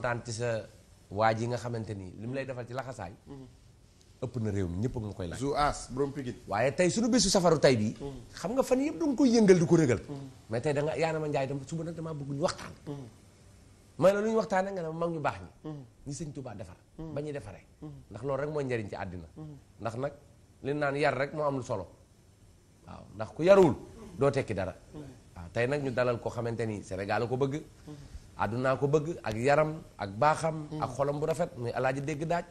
kontaan ci sa waa ji nga xamante ni li mu lay defal ci laxasaay mhm. ëpp na réew mi ñëpp ak ma koy laaj. as borom pigit waaye tey suñu bésu safaru tey bi mhm. xam nga fan yëpp da nga koy yëngal di ko régal mhm. mais tey ma njaay dama suba nag damaa waxtaan may la mag ñu baax ñi ñi sëñ Tuubaa defar ba ñuy defaree ndax loolu rek mooy njariñ ci àddina ndax nag li naan yar rek moo am lu solo waaw ndax ku yaruwul doo tekki dara waaw tey nag ñu dalal ko xamante ni Sénégal ko bëgg àddunaa ko bëgg ak yaram ak baaxam ak xolam bu rafet muy alaaji dégg daaj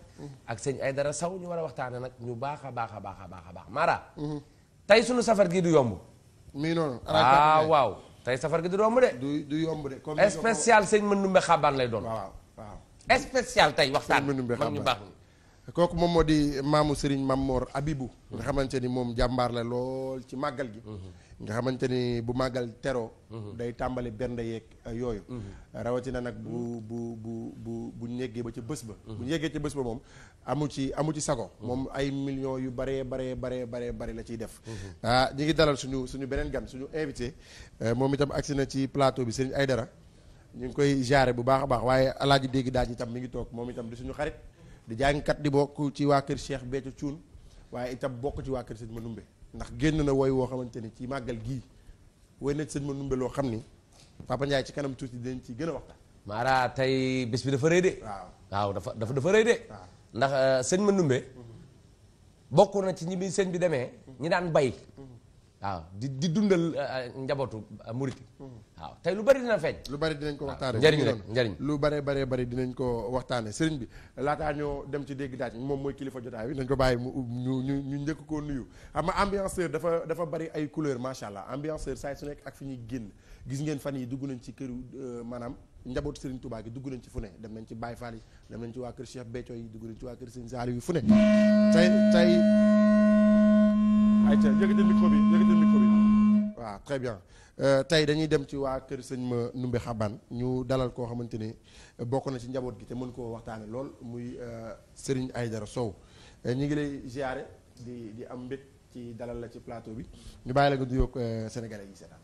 ak sëñ ay dara saw ñu war a waxtaane nag ñu baax a baax a baax a baax a baax maara tey suñu safar gi du yomb mii noonu ah, waaw tey safar gi du yomb de du du yomb de comme spécial sëñ Mandoumbe Xabaan lay doon waaw waaw spécial tey waxtaan mag ñu baax kooku moom moo di maamu Serigne Mamor Abibou nga xamante ni moom jàmbaar la lool ci màggal gi nga xamante ni bu màggal tero mhm. day tàmbali benn yeeg euh, yooyu mhm. rawatina nag bu bu bu bu bu ba ca bës ba mhm. bu ñu yeggee ci bés ba moom amu ci amu ci sago moom ay millions yu baree baree baree baree bare la ciy def ah ñu ngi dalal suñu suñu beneen gan suñu invité euh, moom itam agsi na ci plateau bi ay dara ñu ngi koy jaare bu baax a baax waaye alaaji dégg daaj itam mi ngi toog moom itam di suñu xarit di jàngkat di bokk ci waa kër Cheikh Béthio Thioune waaye itam bokk ci waa kër Serigne Manoumbe ndax génn na woy woo xamante ni ci màggal gii woy na sëñ ma numbe loo xam ni Papa ci kanam tuuti dañ ci gën a waxtaan. Mara tey bis bi dafa rëy de. waaw dafa dafa dafa rëy de. ndax euh, sëñ ma numbe mhm. bokk na ci ñi sëñ bi demee. ñi daan bay. Mhm. waaw di di dundal uh, uh, njabootu uh, murit hmm. waaw tey lu bari dina feeñ lu bari dinañ ko waxtaane njëriñ rek njëriñ lu bare bare bari ko waxtaane sëriñ bi laataa ñoo dem ci dégg daaj moom mooy kilifa jotaay bi nañ ko bàyyi mu ñu ñu ñu njëkk ko nuyu xam nga ambianceur dafa dafa bari ay couleur macha allah ambianceur saa su nekk ak fi ñuy génn gis ngeen fan yi dugg nañ ci kër maanaam njaboot Serigne Touba gi dugg nañ ci fu ne dem nañ ci Baye Fall yi dem nañ ci waa kër Cheikh Béthio yi dugg nañ ci waa kër Serigne Saliou yi fu ne ayca yëkkati bien euh, tey dañuy dem ci waa kër sëñ ma numbe xaban ñu dalal koo xamante ni euh, bokk na ci njaboot gi te mën koo waxtaane lool muy euh, sëriñ ay dara Sow ñu ngi lay ziare di di am mbég ci dalal la ci plateau bi ñu bàyyi la nga duyoog sénégalais yi seetaan.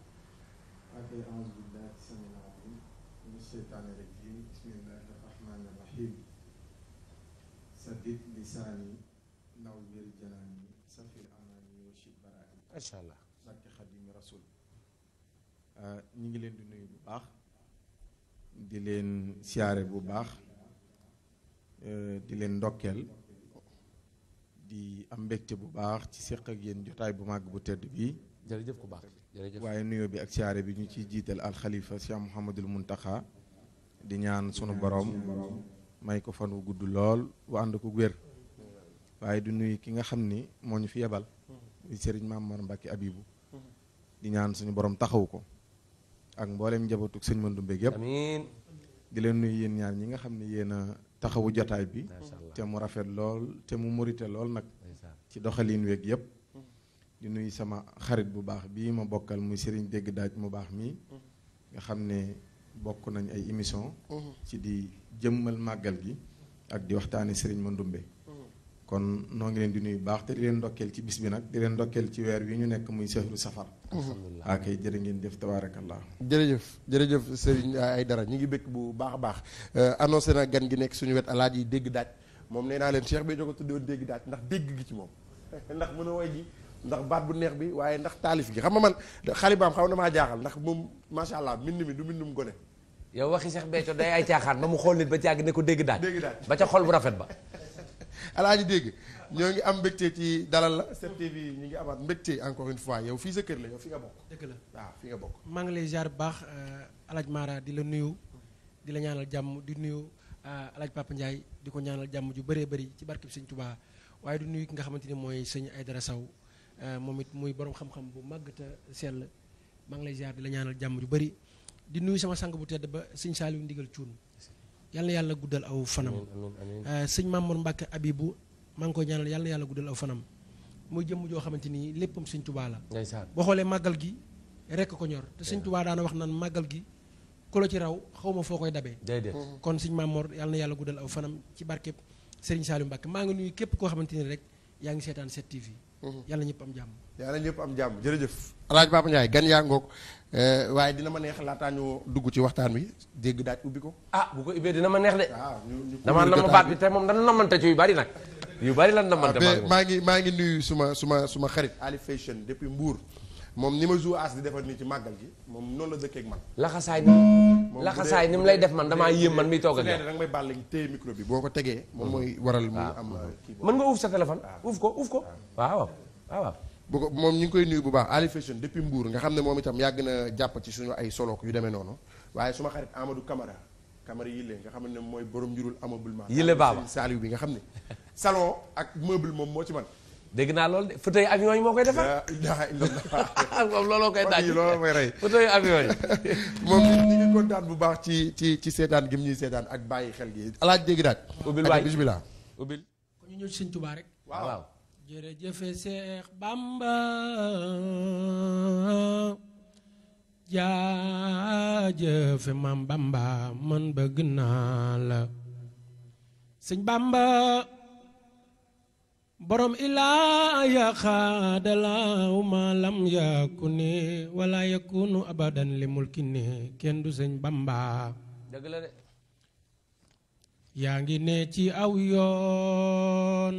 incha allah barke xadimi rasul euh, ñi ngi leen di nuyu bu baax di leen siyaare bu baax euh, di leen ndokkeel di am mbégte bu baax ci séq ak yéen jotaay bu màgg bu tedd bi jërëjëf ku baax jërëjëf waaye nuyoo bi ak siyaare bi ñu ciy jiital alxalifa Cheikh Mouhamadul Muntaxa di ñaan sunu borom may ko fan wu gudd lool wu ànd ko wér waaye di nuyu ki nga xam ni moo ñu fi yebal sëriñ Maam Mor Mbàkke Abibu di ñaan suñu borom taxaw ko ak mbooleem njabootug sëñ Mandumbe yëpp amiin di leen nuyu yéen ñaar ñi nga xam ne yéen taxawu jotaay bi te mu rafet lool te mu murite lool nag ci doxalin weeg yëpp di nuyu sama xarit bu baax bii ma bokkal muy sëriñ dégg daaj mu baax mii nga xam ne bokk nañ ay émission ci di jëmmal màggal gi ak di waxtaane sëriñ Mandumbe kon noo ngi leen di nuyu baax te di leen ndokkeel ci bis bi nag di leen ndokkeel ci weer wi ñu nekk muy sehru safar alhamdulilah ak ah, kay jërë ngeen def jëf tabaarakallah jërëjëf jërëjëf ay dara ñu ngi bëgg bu baax a baax euh, annoncé na gan gi nekk suñu wet alaaj yi dégg daaj moom nee naa leen Cheikh Béthio ko tuddoon dégg daaj ndax dégg gi ci moom ndax mën a woy ji ndax baat bu neex bi waaye ndax taalif gi xam nga man xalibaam xaw na maa jaaxal ndax moom macha allah mbind mi du mbindum gone yow waxi Cheikh Béthio day ay caaxaan ba mu xool nit ba ci ne ko dégg daaj ba ca xol bu rafet ba alaaji dégg ñoo ngi am mbégte ci dalal la 7TV ñu ngi amaat mbégte encore une fois yow fii sa kër la yow fi nga bokk. dëgg la waaw fi maa ngi lay ziar bu baax euh, alaaj Mara di la nuyu di la ñaanal jàmm di nuyu euh, alaaj Papa Ndiaye di ko ñaanal jàmm ju baree bari ci barkeb Sëñ Tuubaa waaye du nuyu ki nga xamante ni mooy ay Aydara Saw euh, moom it muy boroom xam-xam bu màgg te sell maa ngi lay ziar di la ñaanal jàmm ju bari di nuyu sama sang bu tedd ba sëñ Saaliw Ndigal Cuun yàlla yàlla guddal aw fanam eh, sëñ Mamour Mbacke Abibu maa ngi koy ñaanal yal na yàlla guddal aw fanam muy jëmm joo xamante ni léppam sëñ Tuubaa la boo xoolee màggal gi rekk ko ñor te sëñ Tuubaa daana wax naan màggal gi ku la ci raw xaw ma foo koy dabee mm-hmm. kon sëñ Mamour yal na yàlla guddal aw fanam ci barkeb Serigne Saliou Mbacke maa ngi nuyu képp koo xamante ni rek yaa ngi seetaan 7TV Mhm. yàlla ñëpp am jàmm yàlla ñëpp am jàmm jërëjëf alaaj Papa Ndiaye gan yaa ngoog eh, waaye dina ma neex laataa ñu dugg ci waxtaan wi dégg daaj ubbi ko ah bu ko ubbee dina ma neex de ah, dama nam baat bi te moom dana namante ci yu bari nag yu bari lan namante ah, maa ngi maa ngi nuyu suma suma suma xarit Ali Fashion depuis Mbour moom ni ma joué ass di defal nii ci màggal gi moom noonu la dëkkee ak man. laxasaay ni laxasaay ni mu lay def man damaa yéem man mi toog ak yow. da nga may bàll gi téye micro bi boo ko tegee. moom mooy waral muy am. Ah. mën nga uuf sa téléphone. Ah. uuf ko uuf ko ah. waaw waaw. bu ko moom ñu ngi koy nuyu bu baax Ali Fashion depuis mbuur nga xam ne moom itam yàgg na jàpp ci suñu ay solo yu demee noonu waaye suma xarit Amadou Camara Camara yile nga xam ne mooy borom njurul amablement. yile baaba Saliou bi nga xam ne salon ak meuble moom moo ci man dégg naa lool de fauteuil avion yi moo koy defar. moom looloo koy daaj looloo koy rey fauteuil avion yi. moom ñu ngi kontaan bu baax ci ci ci seetaan gi mu ñuy seetaan ak bàyyi xel gi alaaj dégg daaj. ubbil waay bisimilah ubbil. kon ñu man bëgg naa la. Sëñ Bamba. borom ilaa ya xaadalaaw ne wala yakunu abadan li mulki ne kenn du sëñ Bamba yaa ngi ne ci aw yoon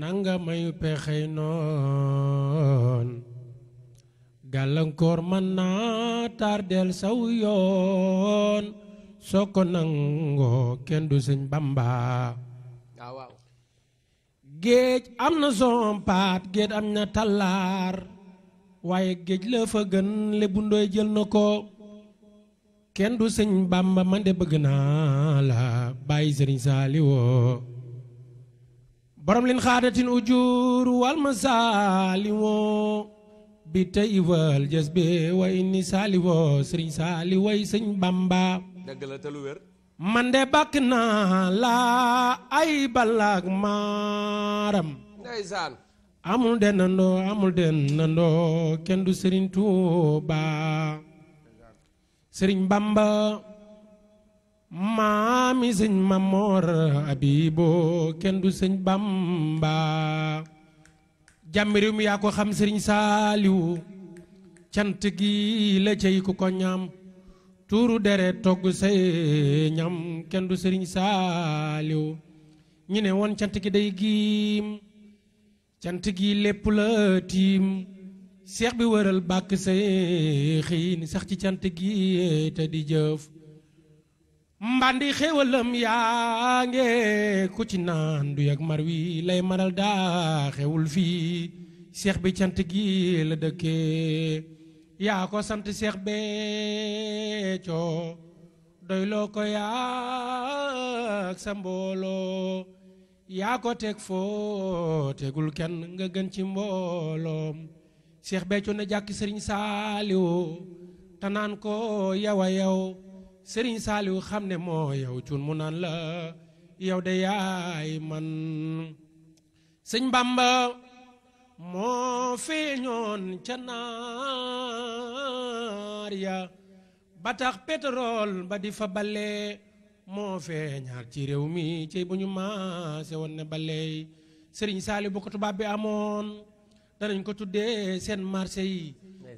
nanga mayu pexey noon gàllankoor mën naa tardeel saw yoon soo ko nangoo kenn du sëñ Bamba géej am na sompaat géej am na tallaar waaye géej la fa gën Lebu Ndooy jël na ko kenn du sëñ Bàmba man de bëgg naa la bàyyi sëriñ Saaliwoo borom lin xaadatin ujur wal ma Saaliwoo bi tey wal jës bi way ni Saaliwoo sëriñ Saali way sëñ Bàmba dëgg la te lu wér man de bàkk naa laa ay balaak maaram amul den nandoo amul den nandoo kenn du sëriñ Tuuba sëriñ Bamba maami sëñ Mamor Abibo kenn du sëñ Bamba jàmmi yaa ko xam sëriñ Saaliwu cant gi la cay ku ko ñaam tuuru deret togg say ñam kenn du sëriñ saaliw ñu ne woon cant gi day giim cant gi lépp la tiim seex bi wëral bàkk say xiin sax ci cant gi te di jëf mbandi xéwalam yaa nge ku ci naan du yag mar wi lay maral daa xewul fii seex bi cant gi la dëkkee yaa ko sant Seex Béthio doyloo ko yaak sa mbooloo yaa ko teg foo tegul kenn nga gën ci mbooloom Seex Béthio na jàkk Sëriñ Saaliwu te ko yow a yow Sëriñ Saaliwu xam ne moo yow cun mu naan la yow de yaay man sëñ Bamba moo feeñoon ca naar ya ba tax pétrole ba di fa balee moo feeñaat ci réew mi ci bu ñu maase woon ne balee sëriñ saali bu ko tubaab bi amoon danañ ko tuddee seen marché yi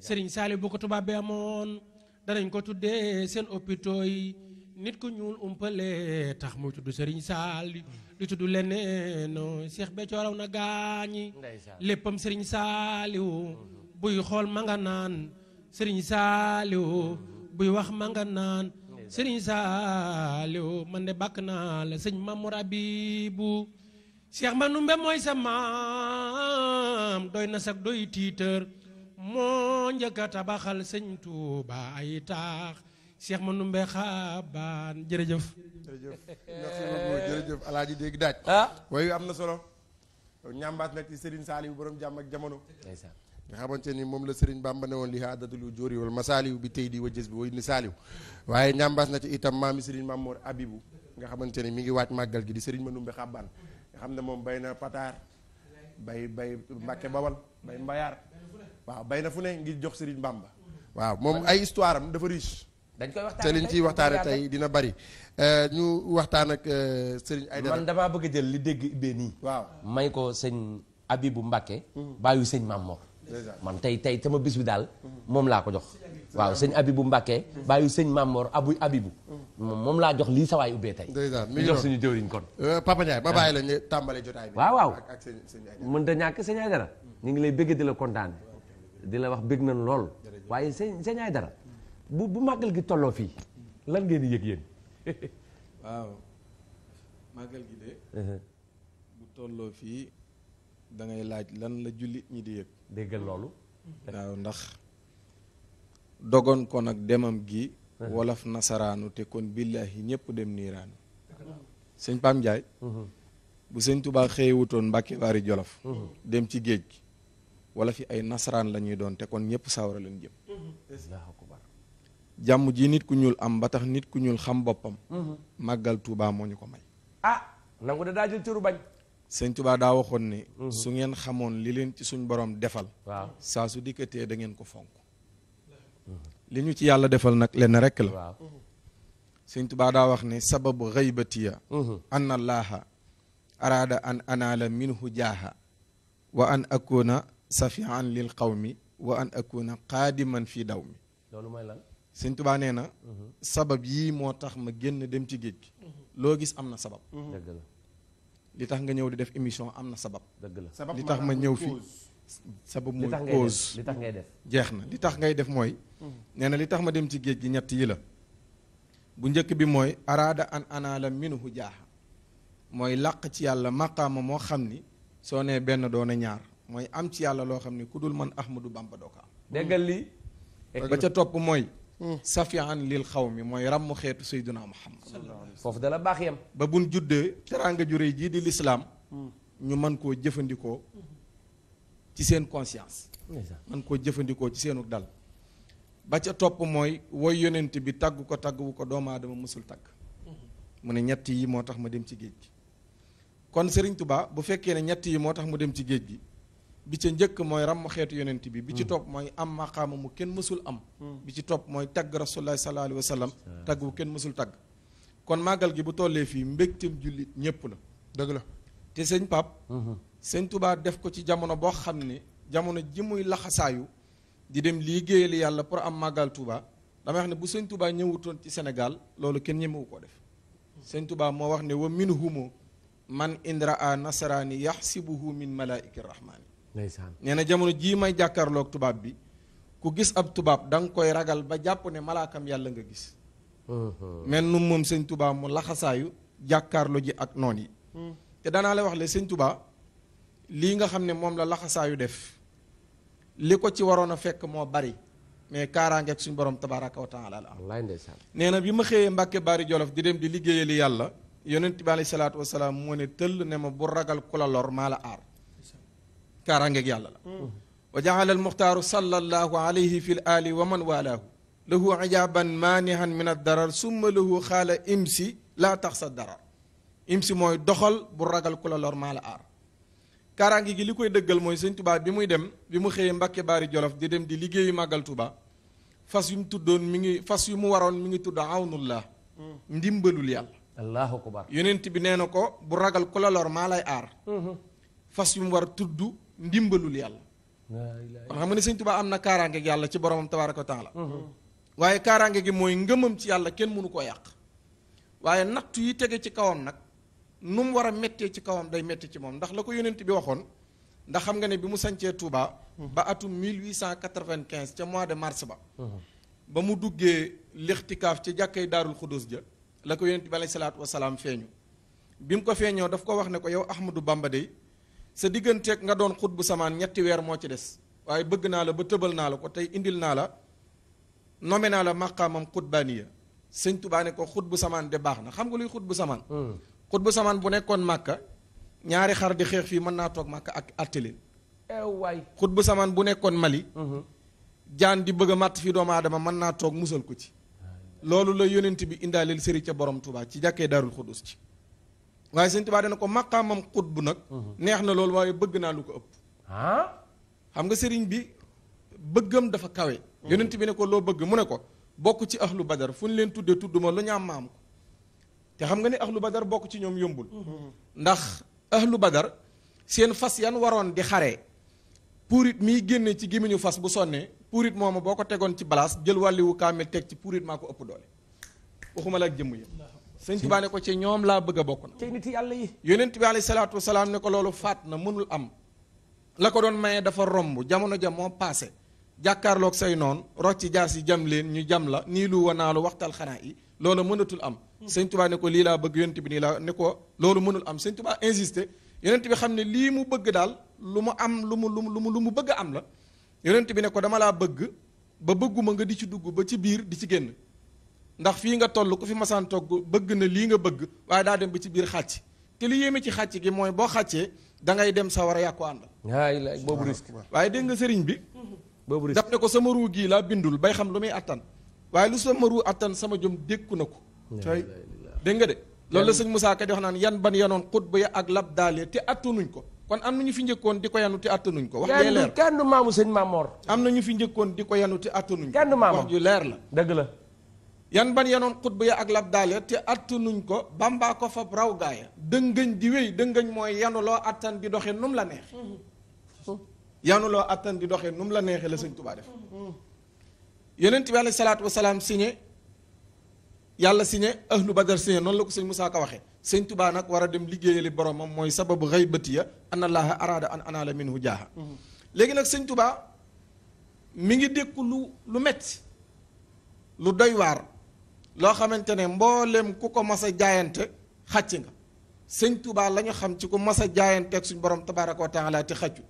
sëriñ saali bu ko tubaab bi amoon danañ ko tuddee seen hôpitaux yi nit ku ñuul umpale tax mu tudd Serigne Saliou du tudd leneen non Cheikh Béthio raw na gaañi léppam Serigne Saliou buy xool ma nga naan Serigne Saliou wax ma nga naan Serigne man de bàkk naa la sëñ Mamour Abibou Cheikh Manumbe mooy sa maam doy na sax doy tiitër moo njëkk a tabaxal sëñ Touba ay Cheikh Manoumbe Xaabaan jërëjëf. jërëjëf merci beaucoup jërëjëf El Hadj Dégg Daaj. Ah? waaye am na solo. ñambaat nag ci Serigne Saliou borom jàmm ak jamono. nga xamante ni moom la Serigne ba ne woon li haadatalu jóori wal masaaliw bi tey di wa jës bi way waaye ñambaas na ci itam maami Serigne Mamour Abibou nga xamante ni mi ngi waaj màggal gi di Serigne Manoumbe Xaabaan nga xam ne moom bay na pataar bay bay Mbàkke Bawal bay mbayaar waaw bay na fu ne ngi jox Serigne Bamba waaw moom ay dañ koy waxtaanee te liñ ciy waxtaanee tey dina bari euh, ñu waxtaan ak euh, Serigne Aïdara man damaa bëgg a jël li dégg ubbee nii. waaw may ko sëñ Abibu Mbacke. Hmm. bàyyi sëñ Maam Mor. man tey tey sama bis bi daal hmm. moom laa ko jox. waaw sëñ Abibu Mbacke. Hmm. bàyyi sëñ Maam Mor abu Abibu. moom laa jox lii sawaay ubbee tey. ñu jox suñu jëwriñ kon. Euh, Papa Ndiaye ba ah. bàyyi la tàmbalee jotaay bi. waaw waaw ak sëñ sëñ Aïdara mën da ñàkk sëñ Aïdara ñu ngi lay bëgg di la kontaan di la wax bëgg nañ lool waaye sëñ sëñ dara bu bu màggal gi tolloo fii lan ngeen di yëg yéen. waaw màggal gi de. Uh-huh. bu tolloo fii dangay laaj lan la julli ñi di yëg. loolu. waaw ndax dogon ko nag demam gi. Uh-huh. wolof nasaraanu te kon billahi ñëpp dem niiraanu. sëñ Pam Ndiaye. Uh-huh. bu sëñ Touba xëye wutoon Mbàkke Baari Jolof. dem ci géej gi. wala fi ay nasaraan lañuy doon te kon ñëpp sawara leen jëm. jàmm ji nit ku ñuul am ba tax nit ku ñuul xam boppam. Mhm. màggal Touba moo ñu ko may. ah nangu da daa waxoon ne. Mhm. su ngeen xamoon li leen ci suñ borom defal. waaw saa su dikkatee dangeen ko fonk. Mhm. li ñu ci yàlla defal nag lenn rek la. waaw sëñ daa wax ne sababu xaybatiya. an allaha araada an anaala minhu jaaha. wa an akuna safian lil qawmi wa an akuna qaadiman fi dawmi. loolu sëñ tubaa nee na mhm. sabab yii moo tax ma génn dem ci géej gi mhm. loo gis am na sabab mhm. li tax nga ñëw di def émission am na sabab dëgg la li tax ma ñëw fii sabab mooy cause li tax jeex na li tax ngay def mooy nee na li tax ma dem ci géej gi ñett yi la bu njëkk bi mooy araada an anaala minhu jaaxa mooy làq ci yàlla maqaama moo xam ni soo nee benn doona ñaar mooy am ci yàlla loo xam ni ku dul man Ahmadou Bamba doo ko am ba ca topp mooy safian lil xaw mi mooy ràmm xeetu sayduna muhammad foofu dala baax yam ba buñ juddee teraanga ju jii di lislaam ñu man koo jëfandikoo ci seen conscience mën koo jëfandikoo ci seenu dal ba ca topp mooy woy yonent bi tagg ko tagg wu ko doomu aadama musul tagg mu ne ñett yi moo tax ma dem ci géej gi kon Serigne Touba bu fekkee ne ñett yi moo tax mu dem ci géej gi bi ca njëkk mooy ràmm xeetu yonent bi bi ci mm. topp mooy am maqaama mu kenn mësul am mm. bi ci topp mooy tagg rasulullah sallallahu alayhi wa sallam tagg bu kenn mësul tagg kon màggal gi bu tollee fii mbégteem jullit ñépp la dëgg te sëñ Pape mm-hmm. sëñ Touba def ko ci jamono boo xam ne jamono ji muy laxasaayu di dem liggéeyali yàlla pour am màggal Touba damay wax ne bu sëñ Touba ñëwutoon ci senegal loolu kenn ñemewu koo def sëñ Touba moo wax ne wa min humo man indra a nasaraani yaxsibuhu min malaa'iki rahmaani ndeysaan nee na jamono jii may jàkkaarloog tubaab bi ku gis ab tubaab danga koy ragal ba jàpp ne malaakam yàlla nga gis mhm. mel nu moom sëñ tubaa mu laxasaayu jàkkaarloo ji ak noon yi mhm. te danaa la wax le sëñ tubaa lii nga xam ne moom la laxasaayu def li ko ci waroon a fekk moo bari mais kaaraangeeg suñ borom tabaraka wa taala la am nee na bi ma xëyee mbàkke baari jolof di dem di liggéeyali yàlla yonent bi alayhi salaatu wasalaam moo ne tëll ne ma bu ragal ku la lor kaaraangeeg yàlla la wa jaala al muxtaaru sallallahu alayhi fi l ali wa man walaahu lahu ijaban maanihan min ad darar summa lahu xaala imsi laa tax sa darar imsi mooy doxal bu ragal ku la lor maa la aar kaaraange gi li koy dëggal mooy sëñ Tuubaa bi muy dem bi mu xëyee Mbàkke Baari Jolof di dem di liggéeyu màggal Tuubaa fas yu mu tuddoon mi ngi fas yu mu waroon mi ngi tudd awnullah ndimbalul yàlla allahu bi nee ko bu ragal ku la lor maa lay aar mhm. fas yu mu war tudd ndimbalul yàlla kon xam nga ne sëñ Tuubaa am na kaaraange gi yàlla ci boromam tabaaraka wa taala mm-hmm. waaye kaaraange gi mooy ngëmam ci yàlla kenn mënu ko yàq waaye nattu yi tege ci kawam nag nu mu war a mettee ci kawam day métti ci moom ndax la ko yónent bi waxoon ndax xam nga ne bi mu sancee Touba. Mm-hmm. ba atum 1895 ca mois de mars ba mm-hmm. ba mu duggee lixtikaaf ci jàkkay daarul xudus ja la ko yónent bi alayhi salaatu wasalaam feeñu bi mu ko feeñoo daf ko wax ne ko yow Ahmadou Bamba dey sa diggante digganteeg nga doon xut bu samaan ñetti weer moo ci des waaye bëgg naa la ba tëbal naa la ko tey indil naa la nome naa la maqaamam xutbaaniya sëñ tubaa ne ko xut bu samaan de baax na xam nga luy xut bu samaan hmm. xut bu samaan bu nekkoon màkka ñaari xar di xeex fii mën naa toog màkka ak atteleen waay xut bu samaan bu nekkoon mali hmm. jaan di bëgg a màtt fii doomu aadama mën naa toog musal ko ci loolu la yonent bi indaaleel sëri ca borom tubaa ci jàkkee daarul xudus ci waaye sëñ Tuubaa dana ko maqaamam xut bu nag mhm. neex na loolu waaye bëgg naa lu ko ëpp ah? xam nga sëriñ bi bëggam dafa kawe mhm. yonent bi ne ko loo bëgg mu ne ko bokk ci ahlu badar fu ñu leen tuddee tudduma lu ñaam maam ko te xam nga ne lu badar bokk ci ñoom yombul mhm. ndax ahlu badar seen fas yan waroon di xare puurit miy génne ci gémmiñu fas bu sonnee puurit mooma boo ko tegoon ci balaas jël wàlliwu kaamil teg ci puurit maa ko ëpp doole waxuma la ak jëmm sëñ Tuubaa ne ko ci ñoom laa bëgg a bokk na ci nit yàlla yi yonent bi alayhi salaatu wasalaam ne ko loolu faat na mënul am la ko doon mayee dafa romb jamono ja moo paase jàkkaarlook say noon rocc ci jaas yi jam leen ñu jam la nii lu wanaalu waxtal xanaa yi loolu mënatul am hmm. sëñ Tuubaa ne ko lii laa bëgg yonent bi nii laa ne ko loolu mënul am sëñ Tuubaa insisté yonent bi xam ne lii mu bëgg daal lu mu am lu mu lu mu lu mu bëgg am la yonent bi ne ko dama laa bëgg ba bëgguma nga di ci dugg ba ci biir di ci génn ndax fii nga toll ku fi masaan togg bëgg na lii nga bëgg waaye daa dem ba ci biir xàcc te li yéeme ci xàcc gi mooy boo xàccee dangay dem sa war a yàqu àndal boobu risque waaye dégg nga sëriñ bi boobu risque ne ko sama ruu gii laa bindul bay xam lu muy attan waaye lu sama ruu attan sama jom dékku na ko dégg nga de loolu la sëñ Moussa Ka di wax naan yan ban yanoon xutba ya lab daale te attanuñ ko kon am na ñu fi njëkkoon di ko yanu te attanuñ ko wax ju leer kenn du maamu sëñ am na ñu fi njëkkoon di ko yanu te attanuñ ko wax leer la dëgg la yan ban yenoon xutba ya ak labdaal te attanuñ ko bàmbaa ko fab raw gaaya dëngëñ di wéy dëngëñ mooy yanuloo attan di doxee num la neexe yanuloo attan di doxee num la neexe la sëñ Tuubaa def yonent bi alayhi salaatu wasalaam signé yàlla signé ahlu badar signé noonu la ko sëñ Moussa ko waxee sëñ Tuubaa nag war a dem liggéeyali boromam mooy sababu xaybati ya annallaaha araada an anaala minhu jaaha léegi nag sëñ Tuubaa mi ngi dékku lu lu metti lu doy waar loo xamante ne mboolem ku ko mas a jaayante xàcc nga sëñ Touba la xam ci ku mas a jaayanteeg suñ borom tabaaraka wa taala te xàccu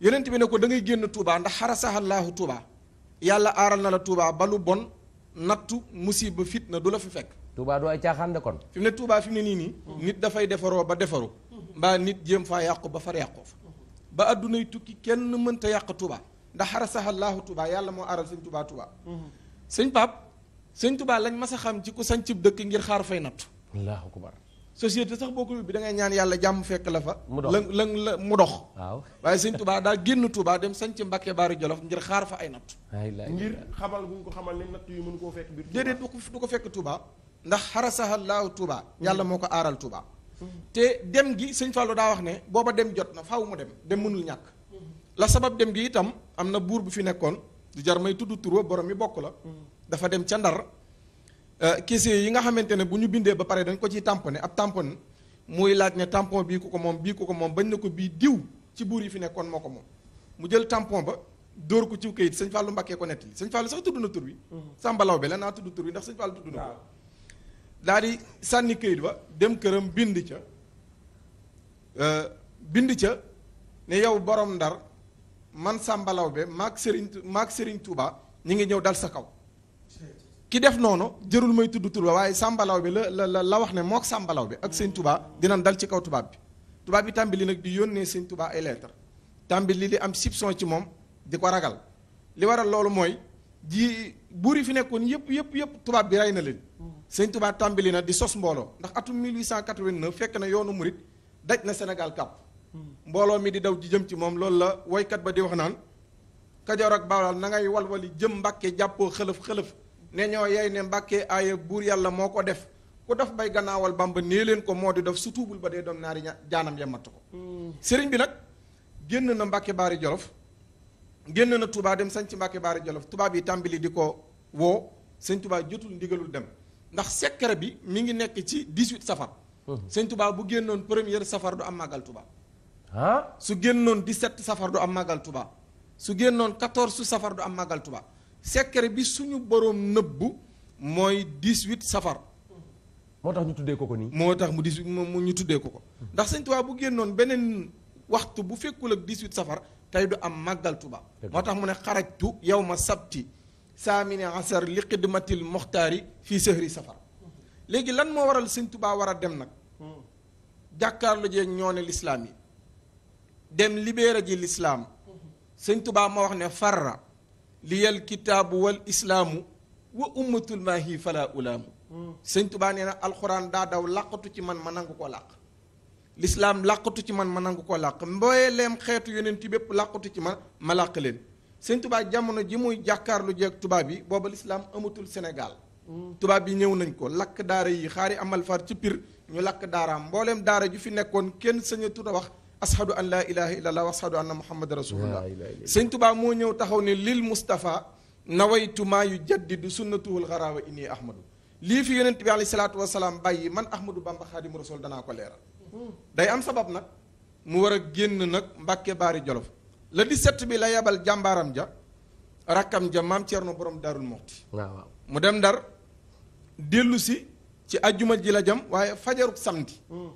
yonent bi ne ko da ngay génn Touba ndax xarasahallahu Touba yàlla aaral na la Touba ba lu bon nattu musiba fitna du la fi fekk. Touba du ay caaxaan kon. mu ne Touba fi mu nii nii. nit dafay defaroo ba defaru mbaa nit jéem faa yàqu ba far yàqoo fa. ba addunay tukki kenn mënta yàq Touba ndax xarasahallahu Touba yàlla moo aaral sëñ Touba Touba. Mhm. sëñ Pape. sëñ Tuubaa lañ mas a xam ci ku sañ cib dëkk ngir xaar fay natt. allahu akbar société sax boo ko yóbbu da ngay ñaan yàlla jàmm fekk la fa. mu dox la la mu dox. waaw waaye sëñ Tuubaa daa génn Tuubaa dem sañ ci Mbàkke Bari Jolof ngir xaar fa ay natt. ngir xamal bu ñu ko xamal ne natt yu mënu koo fekk biir. déedéet du ko du ko fekk Tuubaa ndax xarasaha laahu Tuubaa. yàlla moo ko aaral Tuubaa. te dem gi sëñ Fallou daa wax ne booba dem jot na faaw mu dem dem mënul ñàkk. la sabab dem gi itam am na buur bu fi nekkoon du jar may tudd tur borom mi bokk la dafa dem ca ndar euh, kese yi nga xamante ne bu ñu bindee ba pare dañ ko ciy tamponné ab tampon muy laaj ne tampon bii ko ko moom bii ko ko moom bañ na ko bii diw ci buur yi fi nekkoon moo ko moom mu jël tampon ba dóor ko ci kayit sëñ Fallou Mbacké ko nett li sëñ Fallou sax tudd na tur wi mm-hmm. Samba Lawbe la naa tudd tur wi ndax sëñ Fallou tudd na ko daal di sànni kayit ba dem këram bind ca euh, bind ca ne yow borom ndar man Samba Lawbe maak Serigne maak Serigne Touba ñu ngi ñëw dal sa kaw ki def noonu jërul may tudd waaye sàmbalaw bi la la la wax ne mook sàmbalaw bi ak sëñ tubaa dal ci kaw tubaab bi tubaab bi tàmbali nag di yónnee sëñ tubaa ay lettre tàmbali di am soupçon ci moom di ko ragal li waral loolu mooy ji buur yi fi nekkoon yëpp yëpp yëpp tubaab bi rey na leen sëñ tubaa tàmbali na di sos mbooloo ndax atum 1889 fekk na yoonu murit daj na Sénégal kàpp mbooloo mi di daw di jëm ci moom loolu la woykat ba di wax naan kajoor ak bawal na ngay walwali jëm mbakke jàppoo xëlëf xëlëf ne ñoo yey ne mbàkkee aaya buur yàlla moo ko def ku daf bay gannaawal bamba nee leen ko moo di def su tuubul ba dee doom naari jaanam yemmatt ko hmm. sëriñ bi nag génn na mbàkke baari jolof génn na tubaa dem sañ ci mbàkke baari jolof tubaab yi tàmbali di ko woo sëñ tubaa jotul ndigalul dem ndax secret bi mi ngi nekk ci 18 safar hmm. sëñ tubaa bu génnoon première safar du am màggal tubaa ah su génnoon 17 safar du am màggal tubaa su génnoon 14 su safar du am màggal tubaa secret bi suñu boroom nëbbu mooy 18 safar. moo tax ñu tuddee ko ko nii. moo tax mu 18 mu ñu tuddee ko ko. ndax sëñ Tuubaa bu noonu beneen waxtu bu fekkul ak 18 safar tey du am màggal tubaa moo tax mu ne xarajtu yow ma sabti saamine asar li xidmatil moxtaari fii sëhri safar. léegi lan moo waral sëñ tubaa war dem nag. jàkkaarloo jeeg ñoo ne lislaam yi. dem libéré ji lislaam. sëñ Tuubaa moo wax ne farra. liyal kitaabu wal islaamu wa ummatul maahi fala ulaamu sëñ tubaa nee na alxuraan daa daw làqatu ci man ma nangu ko làq lislaam làqatu ci man ma nangu ko làq mbooleem xeetu yonent bépp làqatu ci man ma làq leen sëñ tubaa jamono ji muy jàkkaarlu jeeg tubaab yi booba lislaam amatul Sénégal mm. tubaab yi ñëw nañ ko lakk daara yi xaari amal far ci pir ñu lakk daaraam mbooleem daara ju fi nekkoon kenn sañatu a wax ashadu an laa ilaha illallah wa ashadu anna muhammad rasulullah sëñ tubaa moo ñëw taxaw ne lil mustapha nawaytu maa yu jaddidu sunnatuhul xaraawa inni ahmadu lii fi yonent bi alayhi salaatu wasalaam bàyyi man ahmadu bamba xaadimu rasul danaa ko leeral day am sabab nag mu war a génn nag mbàkke baari jolof le 17 bi la yebal jàmbaaram ja rakkam ja maam Thierno borom daarul moxti waaw mu dem ndar dellu si ci ajjuma ji la jam waaye fajaruk samedi hmm.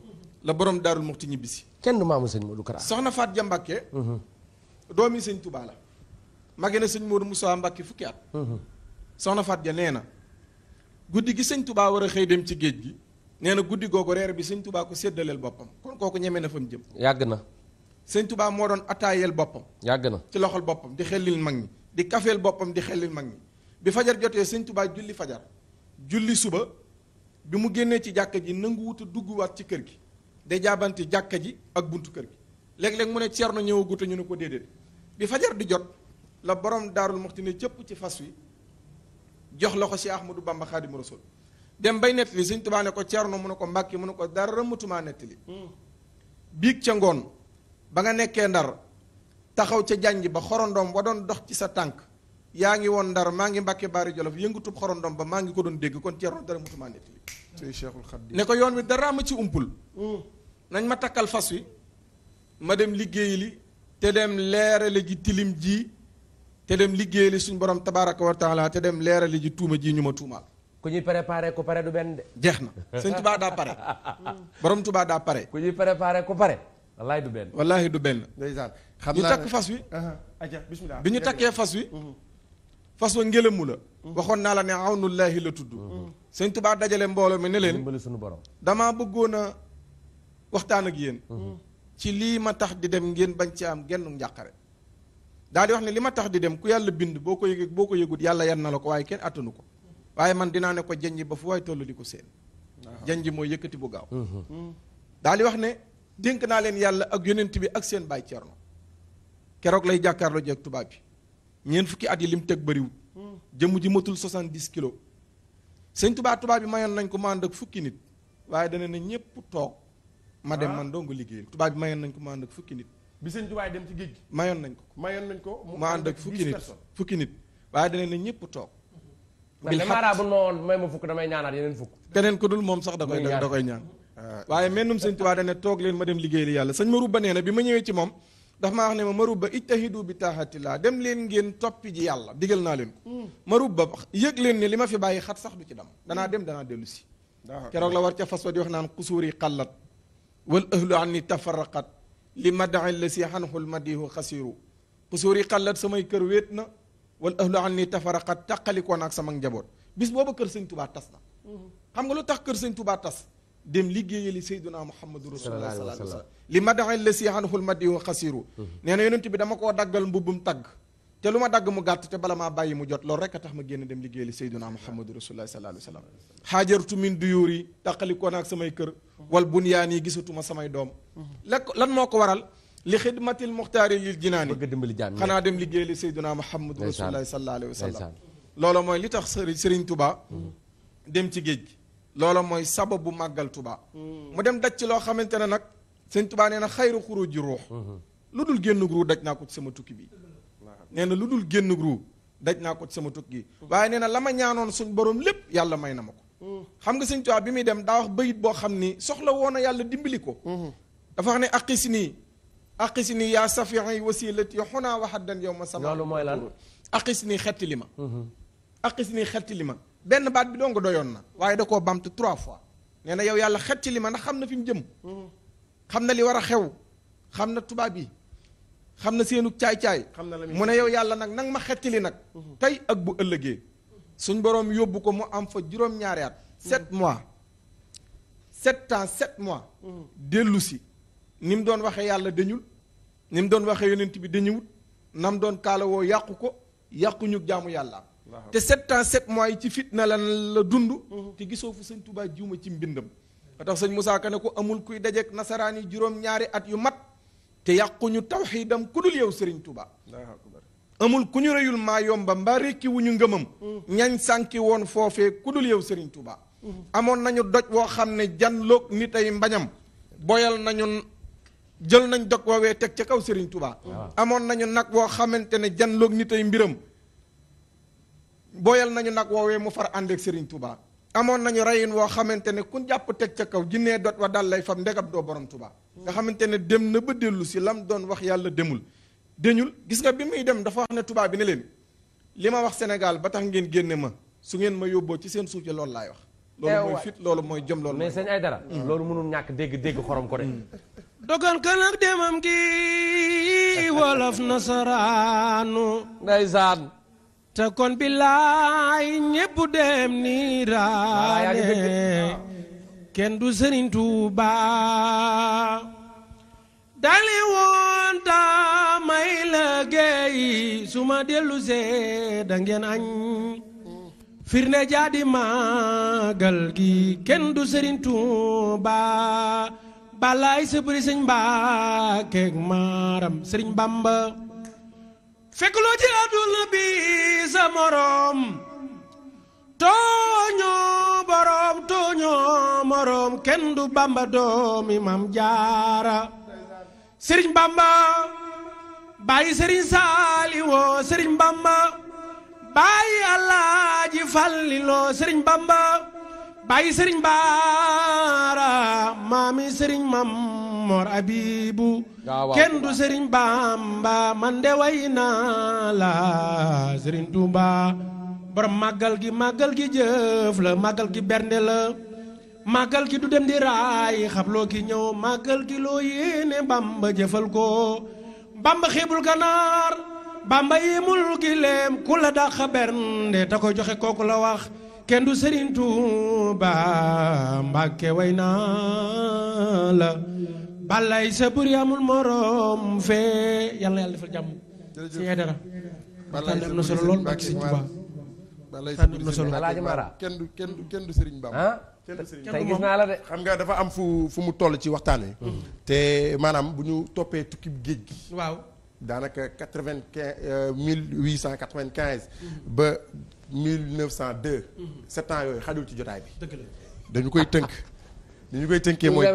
la borom daarul moxti ñibbisi kenn du maamu sëñ Modou Kara soxna Faat Ja Mbàkke mhm. doomi sëñ Tubaa la mage na sëñ Modou Moussa Mbàkke fukki at mhm. soxna Faat Ja nee na guddi gi sëñ Tubaa war a xëy dem ci géej gi nee na guddi googu reer bi sëñ Tubaa ko séddaleel boppam kon kooku ñeme na fa mu jëm yàgg na sëñ Tubaa moo doon attaayeel boppam yàgg na ci loxol boppam di xellil mag ñi di kafeel boppam di xellil mag ñi bi fajar jotee sëñ Tubaa julli fajar julli suba bi mu génnee ci jàkka ji nanguwuta dugguwaat ci kër gi day jaabante jàkka ji ak buntu kër gi léeg-léeg mu ne Ceerno ñëwagut ñu ne ko déedéet bi fajar di jot la borom daarul muxti ne cëpp ci fas wi jox si ko si Ahmadou Bamba Xaadimu Rasuul dem bay nettali Sëñ Tuubaa ne ko Ceerno mu ne ko Mbàkke mu ne ko dara mëtumaa nettali hmm. biig ca ngoon ba nga nekkee ndar taxaw ca jànj ba xorondoom wa doon dox ci sa tànk yaa ngi woon ndar maa ngi Mbàkke Baari Jolof yëngutub xorondoom ba maa ngi ko doon dégg kon Ceerno dara mëtumaa tey ne ko yoon wi dara ma ci umpul. Hmm. nañ ma takkal fas wi ma dem liggéey li te dem leerale ji tilim ji te dem liggéeyi li suñ borom tabaaraka wa taala te dem leerale ji tuuma jii ñu ma tuumaal. ku ñuy préparé ku pare du benn de. jeex na sëñ Tuubaa daa pare borom Tuubaa daa pare. ku ñuy préparé ku pare. wallaahi du benn wallaahi benn. ndeysaan xam naa ñu takk fas wi. aja bismillah bi ñu takkee fas wi. Mhm. fas wa ngelamu la. Mhm. waxoon naa la ne awnullaahi la tudd. Mhm. sëñ Tuubaa dajale mbooloo mi ne leen dimbali suñu borom damaa bëggoon a waxtaan ak yéen mm-hmm. ci lii ma tax di dem ngeen bañ ci am genn njàqare daal di wax ne li ma tax di dem ku yàlla bind boo ko yëg boo ko yëgut yàlla yan na la ko waaye kenn attanu ko waaye man dinaa ne ko janj ba fu waay toll di ko seen jañ janj mooy yëkkati bu gaaw mm-hmm. Mm-hmm. daal di wax ne dénk naa leen yàlla ak yonent bi ak seen baay Cerno keroog lay jàkkaarloo jeeg tubaab bi ñeent fukki at yi lim teg bëriwut jëmm ji matul 70 kilos sëñ tubaa tubaab bi mayoon nañ ko ma ànd ak fukki nit waaye dana ne ñëpp toog ma dem ah. man dong liggéeyal tubaab bi mayoon nañ ko ma ànd ak fukki nit bi sëñ tubaa dem ci mayoon nañ ko mayoon nañ ko mu ànd ak fukki nit fukki nit waaye dana ne ñëpp toog bil maara bu noon may ma fukk damay ñaanaat yeneen fukk keneen ko dul moom sax da koy da koy ñaan ah. waaye mennum sëñ tubaa dana toog leen ma dem liggéeyal yàlla sëñ ma rubba nee bi ma ñëwee ci moom dafa maa wax ne ma marubba ijtahidu bi laa dem leen ngeen toppi ji yàlla digal naa leen ko marubba yëg leen ni li ma fi bàyyi xat sax du ci dam danaa dem danaa dellu si keroog la war ca fas wa di wax naan xusuur yi xallat wal ahlu an ni tafarraqat li ma madaa la si xanxul madihu xasiru xusuur yi xallat samay kër wéet na wal ahlu an ni tafarraqat taqalikoo naak sama njaboot bis boobu kër sëñ tubaa tas na mm-hmm. xam nga lu tax kër sëñ tubaa tas dem liggéeyali sayduna muhammadu rasulullah sallallahu alayhi wa sallam li ma daxee la si xanxul madi wa xasiru mm-hmm. nee na yonent bi dama koo daggal mu tagg te lu ma dagg mu gàtt te bala maa bàyyi mu jot lool rek a tax ma génn dem liggéeyali sayduna muhammadu rasulullah sallallahu alayhi wa sallam xaajartu min duyuur yi tàqalikoon ak samay kër mm-hmm. wal bunyaan yi gisatuma samay doom mm-hmm. la lan moo ko waral li xidmatil muxtaari lil jinaani xanaa dem liggéeyali sayduna muhammadu rasulullah sallallahu alayhi wa sallam loolu mooy li tax sëriñ sëriñ Tuba dem ci géej gi loola mooy bu màggal tubaa mu dem daj ci loo xamante ne nag sëñ tubaa nee na xayru xuruji ruux lu dul génn ruu daj naa ko ci sama tukki bi nee na lu dul génn ruu daj naa ko ci sama tukki gi waaye nee na la ma ñaanoon suñ borom lépp yàlla may na ma ko xam nga sëñ tubaa bi muy dem daa wax bayit boo xam ni soxla woon a yàlla dimbali ko dafa wax ne aqisi nii aqisi nii yaa safi'i wasilati xunaa waxaddan yow ma sama loolu mooy lan aqis nii xetti li ma aqis nii xetti li ma benn baat bi dongo doyoon na waaye da koo bamtu trois fois nee na yow yàlla xet li ma ndax xam na fi jëm. Mm-hmm. xam na li war a xew xam na tubaab yi xam na seenu caay-caay. mu ne yow yàlla nag nang ma xet li nag. Mm-hmm. tey ak bu ëllëgee suñ borom yóbbu ko mu am fa juróom-ñaari at. Mm-hmm. sept mois sept ans sept mois. dellu si ni mu doon waxee yàlla dañul ni mu doon waxe yonent bi dañuwut nam doon kaalawoo yàqu ko yàquñu jaamu yàlla. te sept ans sept mois yi ci fitna la la dund mhm. te gisoo fu sëñ Tuubaa juuma ci mbindam ba tax sëñ Moussa ne ko amul kuy dajeek nasaraan yi juróom-ñaari at yu mat te yàquñu tawxiidam ku dul yow sëriñ Tuubaa amul ku ñu rëyul yomba mbaa rékki wu mhm. ñañ sànki woon foofee ku dul yow sëriñ mhm. amoon nañu doj woo xam ne jan janloog nit ay mbañam boyal nañu jël nañ dog woowee teg ci kaw sëriñ tubaa amoon nañu nag woo xamante ne jan janloog nit ay mbiram booyal nañu nag woowee mu far àndeek Serigne Touba amoon nañu reyin woo xamante ne ku jàpp teg ca kaw jinnee dot wa dal lay fam ndegam doo borom tubaab nga xamante ne dem na ba dellu si lam doon wax yàlla demul deñul gis nga bi muy dem dafa wax ne tubaab bi ne leen li ma wax Sénégal ba tax ngeen génne ma su ngeen ma yóbboo ci seen suuf ci loolu laay wax loolu mooy fit loolu mooy jëm loolu mais ay dara hmm. loolu mënul ñàkk dégg dégg xorom ko de hmm. dogal kan ak demam gi wolof nasaraanu ndeysaan te kon billaay ñépp dem ni raane kenn du Sëriñ Tuuba dali woon ta may liggéey su dellu see da ngeen añ firnde jaadi màggal gi kenn du Sëriñ Tuuba balaay sëbëri sëñ Mbàkke ak maaram Sëriñ Bamba fekk loo ci àdduna bi sa moroom tooñoo moroom kenn du bamba doomi mam jaara sëriñ bamba bàyyi sëriñ saaliwoo sëriñ bamba bàyyi alaaji falliloo sëriñ bamba bàyyi sëriñ baara maami sëriñ mam Mor Abibu kenn du Serigne Bamba man de way naa borom màggal gi màggal gi jëf la màggal gi bernde la màggal gi du dem di raay xabloo ki ñëw màggal gi loo yéene Bamba jëfal ko Bamba xibul ganaar Bamba yimul gileem ku la dàq bernde te ko joxe kooku la wax kenn du Serigne Touba Mbàkke way balay sa bur amul morom fee yàlla yàlla defal jàmm. si si dara. balay sa bur sëriñ Ba kii balay sa bur sëriñ Ba kenn du kenn du kenn du sëriñ Ba. Ah? kenn du sëriñ Ba tey gis naa la de. xam nga dafa am fu fu mu toll ci waxtaan wi. Mm-hmm. te maanaam bu ñu toppee tukki géej gi. daanaka quatre vingt quinze euh, mille huit cent mm-hmm. ba mille neuf cent deux. Mm-hmm. sept ans yooyu xajul ci jotaay bi. dëgg dañu koy tënk. dañu ñu koy tënkee mooy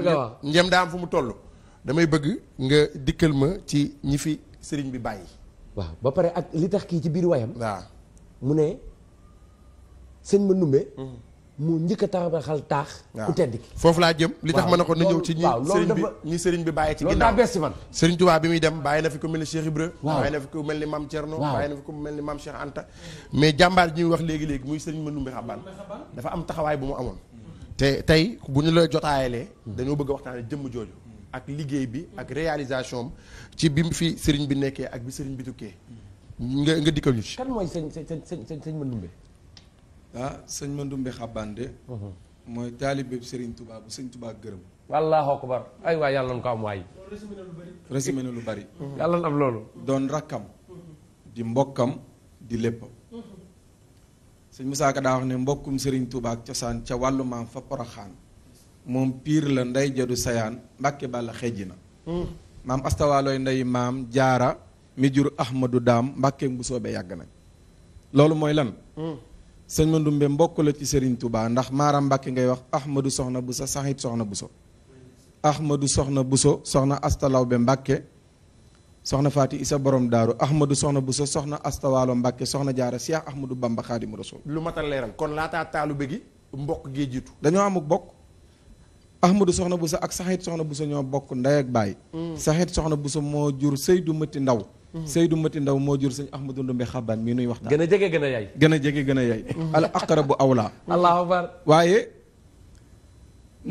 njëm daa am fu mu toll damay bëgg nga dikkal ma ci ñi fi sëriñ bi bàyyi waaw ba pare ak li tax kii ci biir wayam waaw mu ne sëñ ma numbe mm-hmm. mu njëkk a tabaxal taax ku tedd ki foofu laa jëm li tax ma ne ko na ñëw ci ñi sëriñ bi ñi sëriñ bi bàyyi ci ginnaaw bes man sëriñ Tuubaa bi muy dem bàyyi na fi ku mel ni Cheikh Ibra bàyyi na fi ku mel ni Maam Cerno bàyyi na fi ku mel ni Maam cher Anta mais jàmbaar ji muy wax léegi-léegi muy sëriñ ma numbe xabaan dafa am taxawaay bu mu amoon te tey bu ñu la jotaayalee. dañoo bëgg a waxtaanee jëmm jooju. ak liggéey bi ak réalisation am ci bi fi sëriñ bi nekkee ak bi sëriñ bi tukkee. nga nga dikkal ñu ci. kan mooy sëñ sëñ sëñ sëñ Mandoumbe. ah sëñ Mandoumbe Xabande. Uh-huh. mooy taalibe sëriñ Touba sëñ Touba gërëm. wallaahu akbar ay waay yàlla na ko am waay. résumé lu bari. yàlla na am loolu. doon rakkam. di mbokkam di léppam. sëñ Moussa Ka daa wax ne mbokkum sëriñ Touba cosaan ca wàllu maam fa poroxaan moom piir la ndey jadu sayaan mbàkke bàlla xejji na hmm. maam astawaalooy ndey maam jaara mi jur ahmadu daam mbàkke bu soobee yàgg nañ loolu mooy lan hmm. sëñ Mandumbe mbokk la ci sëriñ Touba ndax maaram mbàkke ngay wax ahmadu soxna buso saxiit soxna buso ahmadu soxna buso soxna astalawbe mbàkke soxna faati isa borom daaru ahmadou soxna so soxna astawaalo mbàkke soxna a seex ahmadou bamba xaadimu rasul lu matal leeral kon laataa taalube gi mbokk gee jiitu dañoo amuk bokk ahmadou soxna buso ak saxit soxna buso ñoo bokk ndey ak baay mm. saxit soxna buso moo jur sëydu mëtti ndaw mm. Seydou Mati Ndaw moo jur sëñ Ahmadou Ndoumbe Xabaan mii nuy waxtaan. gën a jege gën a yaay. gën a jege gën a yaay. Mm. al bu aw allahu waaye.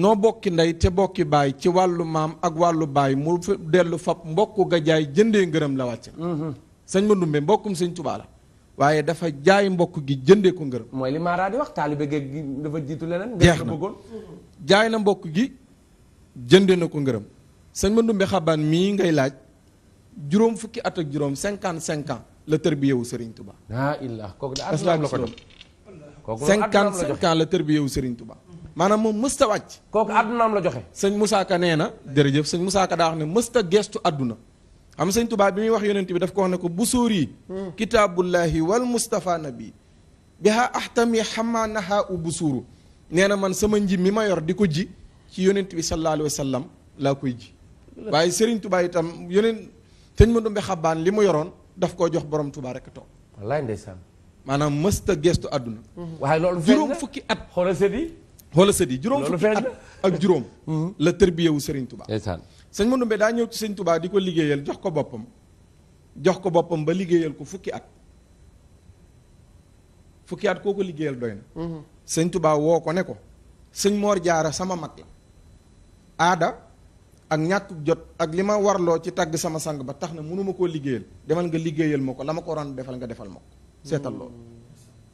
noo bokki ndey te bokki baay ci wàllu maam ak wàllu baay mu dellu fab mbokku ga jaay jëndee ngërëm la wàcce mhm. sëñ ma ndumbe mbokkum sëñ tubaa waaye dafa jaay mbokk gi jëndee ko ngërëm mooy li Mara di wax taalibe dafa jiitu leneen jeex na bëggoon jaay na mbokk gi jëndee na ko ngërëm sëñ ma ndumbe xabaan mii ngay laaj juróom fukki at ak juróom cinquante cinq ans la tërbiyewu sëriñ tubaa la ilaah kooku de at la ko jox cinquante la tërbiyewu sëriñ tubaa maanaam moom mësta wàcc kooku àddunaam la joxe sëñ Moussa Ka nee na jërëjëf sëñ Moussa Ka daa wax ne mësta gestu àdduna xam sëñ Tuubaa bi muy wax yonent bi daf ko wax ne ko bu sóori hmm. kitaabullahi wal Mustafa nabi biha ahtami xamaa nahaa u bu suuru nee na man sama nji mi ma yor di ko ji ci yonent bi sallallahu alayhi wa sallam laa koy ji waaye sëriñ tubaay itam yonent sëñ ma dumbe xabaan li mu yoroon daf koo jox borom Tuubaa rek toog wallaay ndeysaan maanaam mësta gestu àdduna hmm. juróom fukki at xoola sët di juróom fukki at ak juróom mm-hmm. la tërbiye wu sëriñ tubaa sëñ Mandumbe daa ñëw ci sëñ di ko liggéeyal jox ko boppam jox ko boppam ba liggéeyal ko fukki at fukki at koo ko liggéeyal doy na mm-hmm. sëñ tubaa woo ko ne ko sëñ moor jaara sama mat la aada ak ñàkk jot ak li ma warloo ci tàgg sama sang ba tax na mënuma koo liggéeyal demal nga liggéeyal ma ko la ma ko waroon defal nga defal ma ko seetal loolu mm-hmm.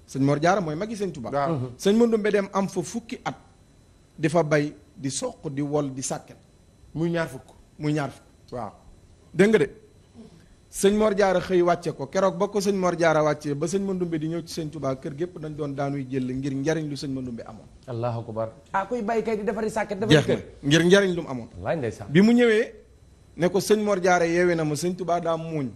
sëñ Mor jaara mooy mag magi sëñ Touba. waaw mhm. sëñ Mandoumbe dem am fa fukki at di fa bay di soq di wol di sàkket muy ñaar fukk muy ñaar waaw dégg nga de sëñ Mor Diarra xëy wàcce ko keroog ba ko sëñ Mor Diarra wàccee ba sëñ Mandoumbe di ñëw ci sëñ kër gépp dañ doon daanuy jël ngir njariñ lu sëñ Mandoumbe amoon allahu akbar ah kuy bay kay di defari sàkket defari kër ngir njariñ lu mu amoon bi mu ñëwee ne ko sëñ Mor Diarra yeewe na ma sëñ Touba daa muuñ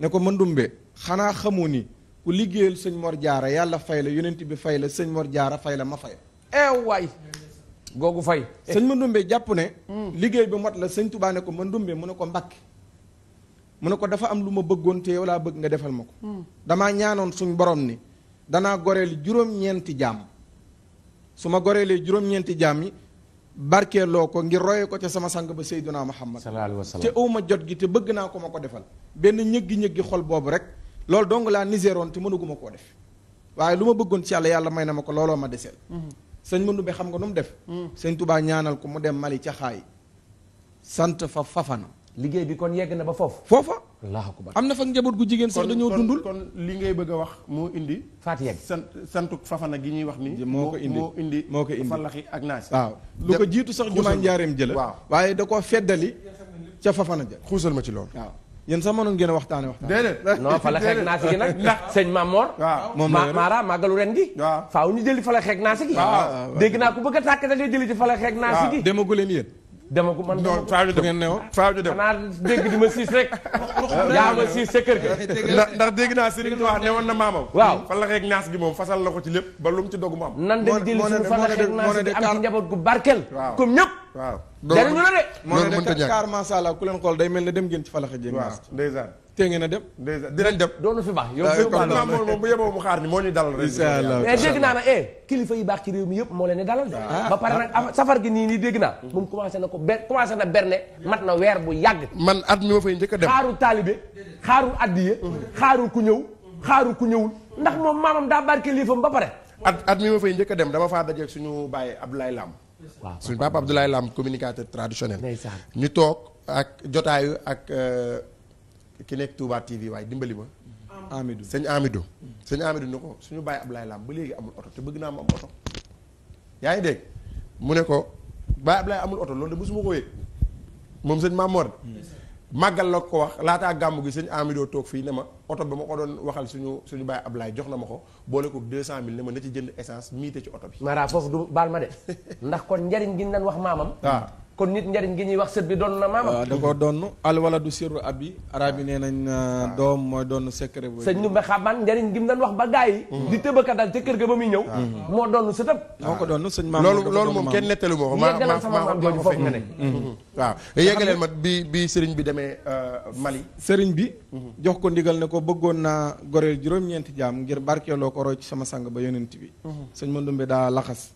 ne ko Mandoumbe xanaa xamoo ni ku liggéeyal sëñ Mor Jaara yàlla fay la yonent bi fay la sëñ Mor Jaara fay la ma fay eew eh waay googu fay eh. sëñ Mandumbe jàpp ne liggéey bi mot la sëñ Tuubaa ko ko Mandumbe mu ne ko Mbàkke mu ne ko dafa am lu ma bëggoon te yow laa bëgg nga defal ma ko hmm. damaa ñaanoon suñ borom ni danaa goreel juróom-ñeenti jaam su ma goreelee juróom-ñeenti jaam yi barkeeloo ko ngir roye ko ca sama sang ba Seydunaa Muhammad te awma jot gi te bëgg naa ko ma ko defal benn ñëggi-ñëggi xol boobu rek loolu donc laa niséroon te mënuguma koo def waaye lu ma bëggoon ci yàlla yàlla may na ma ko looloo ma deseel mhm. sëñ Mandumbe xam nga nu mu def mhm. sëñ Touba ñaanal ko mu dem Mali ca xaay sant fa fafana liggéey bi kon yegg na ba foofu foofa allahu akbar am na fa njaboot gu jigéen sax dañoo dundul kon li ngay bëgg a wax moo indi faat yegg sant santuk fafana gi ñuy wax ni moo ko indi moo indi moo ko indi fallaxi ak naas waaw lu ko jiitu sax jumaa njaareem jëla waaye da koo feddali ca fafana jël xuusal ma ci loolu yéen sax mënoon ngeen waxtaane waxtaan déedéet non naasi gi nag sëñ Mamor waaw moom maara màggalu ren gi waaw faaw ñu jëli fala xeek naasi gi dégg naa ku bëgg a tàkk da ngay jëli ci fala xeek naasi gi dema guleen yéen dama ko man non faaw ñu dem ngeen newoon faaw ñu naa sëriñ bi wax newoon na waaw fala xeek gi moom fasal la ko ci lépp ba lu mu ci dogu mu am nan dem jëli suñu fala xeek naasi gi am ci njaboot gu barkel comme ñëpp jariñu na de moo ne de kaar macha allah ku leen xool day mel ne dem ngeen ci falaxa jéem waaw ndeysaan te ngeen a dem dinañ dem doonu fi baax yow moom moom bu yeboo xaar ni moo ñu dalal naa na eh yi baax ci réew mi yëpp moo leen di dalal de ah. ba pare nag ah, safar gi nii nii dégg naa moom commencé na ko ber commencé na berne mat na weer bu yàgg man at mi ma fay njëkk a dem xaarul taalibe xaarul addiye xaarul ku ñëw xaarul ku ñëwul ndax moom maamam daa barke lifam ba pare at at mi ma fay njëkk a dem dama faa dajeeg suñu bàyyi Abdoulaye Lam waaw suñ papa Abdoulaye Lam communicateur traditionnel. ñu toog ak jotaayu ak euh, ki nekk Touba TV waaye dimbali ma. Amidou sëñ Amidou. sëñ Amidou ni ko suñu bàyyi Abdoulaye Lam ba léegi amul oto te bëgg naa mu am oto. yaa ngi dégg mu ne ko bàyyi Abdoulaye amul oto loolu de bu su ko yëg moom sëñ Mamor. màggal la ko wax laataa gàmmu gi sëñ Amidou toog fii ne ma oto bi ma ko doon waxal suñu suñu bàyyi Ablaye jox na ma ko boole ko 200000 ne ma na ci jënd essance miite ci oto bi. Mara foofu du baal ma de ndax kon njariñ gi ñu wax maamam. waaw ah. kon nit njariñ gi ñuy wax sët bi doon na maama. waaw doon al wala du sirru ab yi. arab yi nee nañ euh, doom mooy doon secret. boobu sëñ Ndoumbé Xabane njariñ gi mu wax ba gars yi. Mm-hmm. di tëbëka daal ca kër ga ba muy ñëw. Mm-hmm. moo doon sëtam. moo ko doon sëñ maam loolu loolu moom kenn nettalu ma ko. yeggalal sama maam jooju foofu nga nekk mm-hmm. waaw yeggaleel ma bi bi sëriñ bi demee euh, Mali. sëriñ bi. jox ko ndigal ne ko bëggoon naa goreel juróom-ñeenti jaam ngir barkeeloo ko roy ci sama sang ba yonent bi sëñ Mandumbe daa laxas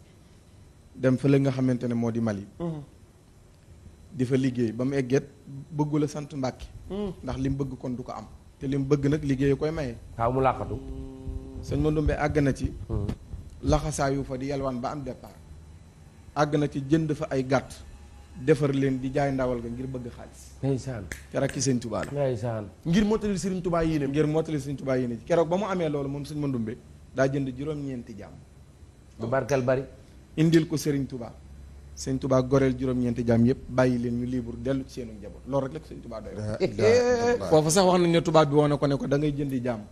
dem fa nga xamante ne moo di Mali di fa liggéey ba mu egget bëggula sant Mbàkke hmm. ndax li mu bëgg kon du ko am te li bëgg nag liggéey koy maye waaw mu làqatu ma Mandumbe àgg na ci hmm. laxasaayu fa di yalwaan ba am départ àgg na ci jënd fa ay gàtt defar leen di jaay ndawal ga ngir bëgg xaalis ndeysaan keroog ci sëñ Touba la ndeysaan ngir mottali sëriñ Touba yéene ngir mottali sëriñ Touba ne ci keroog ba mu amee loolu moom ma Mandumbe daa jënd juróom-ñeenti jàmm du barkal bari indil ko sëriñ Touba sëñ Touba goreel juróom-ñeenti jaam yëpp bàyyi leen ñu libre dellu ci seenu njaboot loolu rek la sëñ Touba doy foofu sax wax nañ ne tubaab bi woon na ko ne ko da ngay jëndi jaam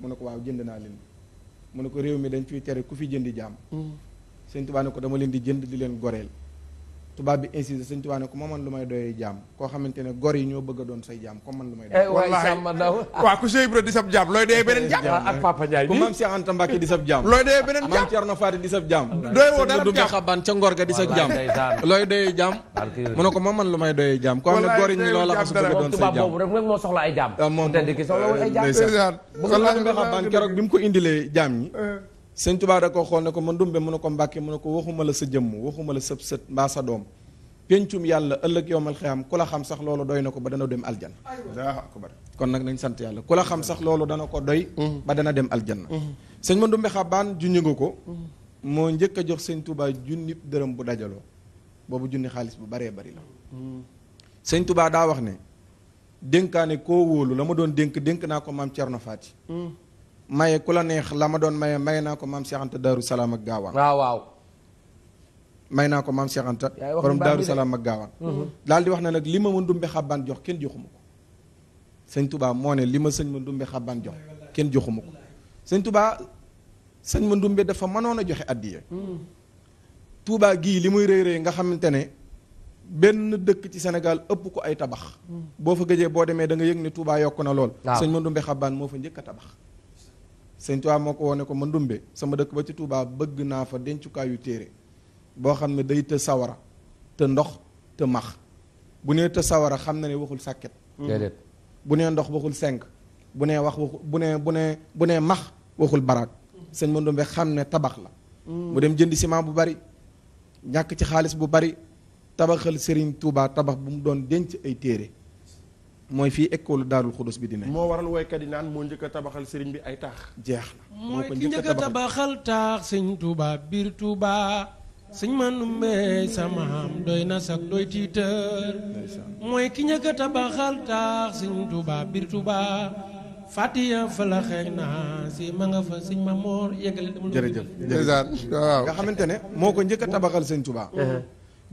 mu ne ko waaw jënd naa leen mu ne ko réew mi dañ fiy tere ku fi jëndi jaam mm. sëñ Touba ne ko dama leen di jënd di leen goreel tubaab bi insisté sëñ Tuubaa ne ko moo man lu may doy jaam koo xamante ne gor yi ñoo bëgg a doon say jaam ko man lu may doy eh, sa jaam looy doyee jaam mu ne ko moo man lu may doyee jaam koo xam ne gor yi ñu loola mos a bëgg doon say jaam boobu rek moo soxla ah, keroog bi mu ko indilee jaam ñi eh. sëñ Tuubaa da ko xool ne ko ma ndumbe mu ne ko mbàkke mu ne ko waxuma la sa jëmm waxuma la sa sët mbaa sa doom pencum yàlla ëllëg yowmal xiyaam ku la xam sax loolu doy na ko ba dana dem aljanna kon nag nañ sant yàlla ku xam sax loolu dana ko doy mm-hmm. ba dana dem aljanna mm-hmm. sëñ ma ndumbe xabaan junñi nga ko mm-hmm. moo njëkk a jox sëñ tubaa junnib dërëm bu dajaloo boobu junni xaalis bu baree bari la sëñ tubaa daa wax ne dénkaane koo wóolu la ma doon dénk dénk naa ko maam Cerno Faati maye ku la neex la ma doon maye may naa ko maam Cheikh Anta Darou Salaam ak Gaawaan. waaw waaw. may naa ko maam Cheikh Anta. borom Darou ak Gaawaan. Mhm. daal di wax na nag li ma ma ndumbe xabaan jox kenn joxuma ko. sëñ Touba moo ne li ma sëñ ma ndumbe xabaan jox kenn joxuma ko sëñ Touba sëñ dafa mënoon a joxe addiya. Mhm. Touba gii li muy rëy rëy nga xamante ne benn dëkk ci Sénégal ëpp ko ay tabax. Mhm. boo fa gëjee boo demee danga nga yëg ne Touba yokk na lool. waaw sëñ ma ndumbe xabaan moo fa njëkk a tabax. sëñ Tuubaa moo ko wone ko ma ndumbe sama dëkk ba ci Touba bëgg naa fa dencukaayu téere boo xam ne day të sawara te ndox te max bu nee të sawara xam na ne waxul sàkket mm-hmm. bu nee ndox waxul senk bu nee wax waxu bu nee bu nee bu nee max waxul baraag sëñ ma ndumbe xam ne tabax la mm. mu dem jënd ciment bu bari ñàkk ci xaalis bu bari tabaxal Serigne Touba tabax bu mu doon denc ay téere mooy fii école daarul xudus bi dina moo waral woykat yi naan moo njëkk a tabaxal sëriñ bi ay taax jeex na mooy ki njëkk a tabaxal taax sëñ Touba biir Touba sëñ Manumbe sama am mooy ki njëkk a tabaxal taax Touba biir Touba Fatiya naa si ma nga fa sëñ ma moo yeggale dama jërëjëf jërëjëf waaw nga xamante ne moo ko njëkk tabaxal sëñ Touba uh-huh.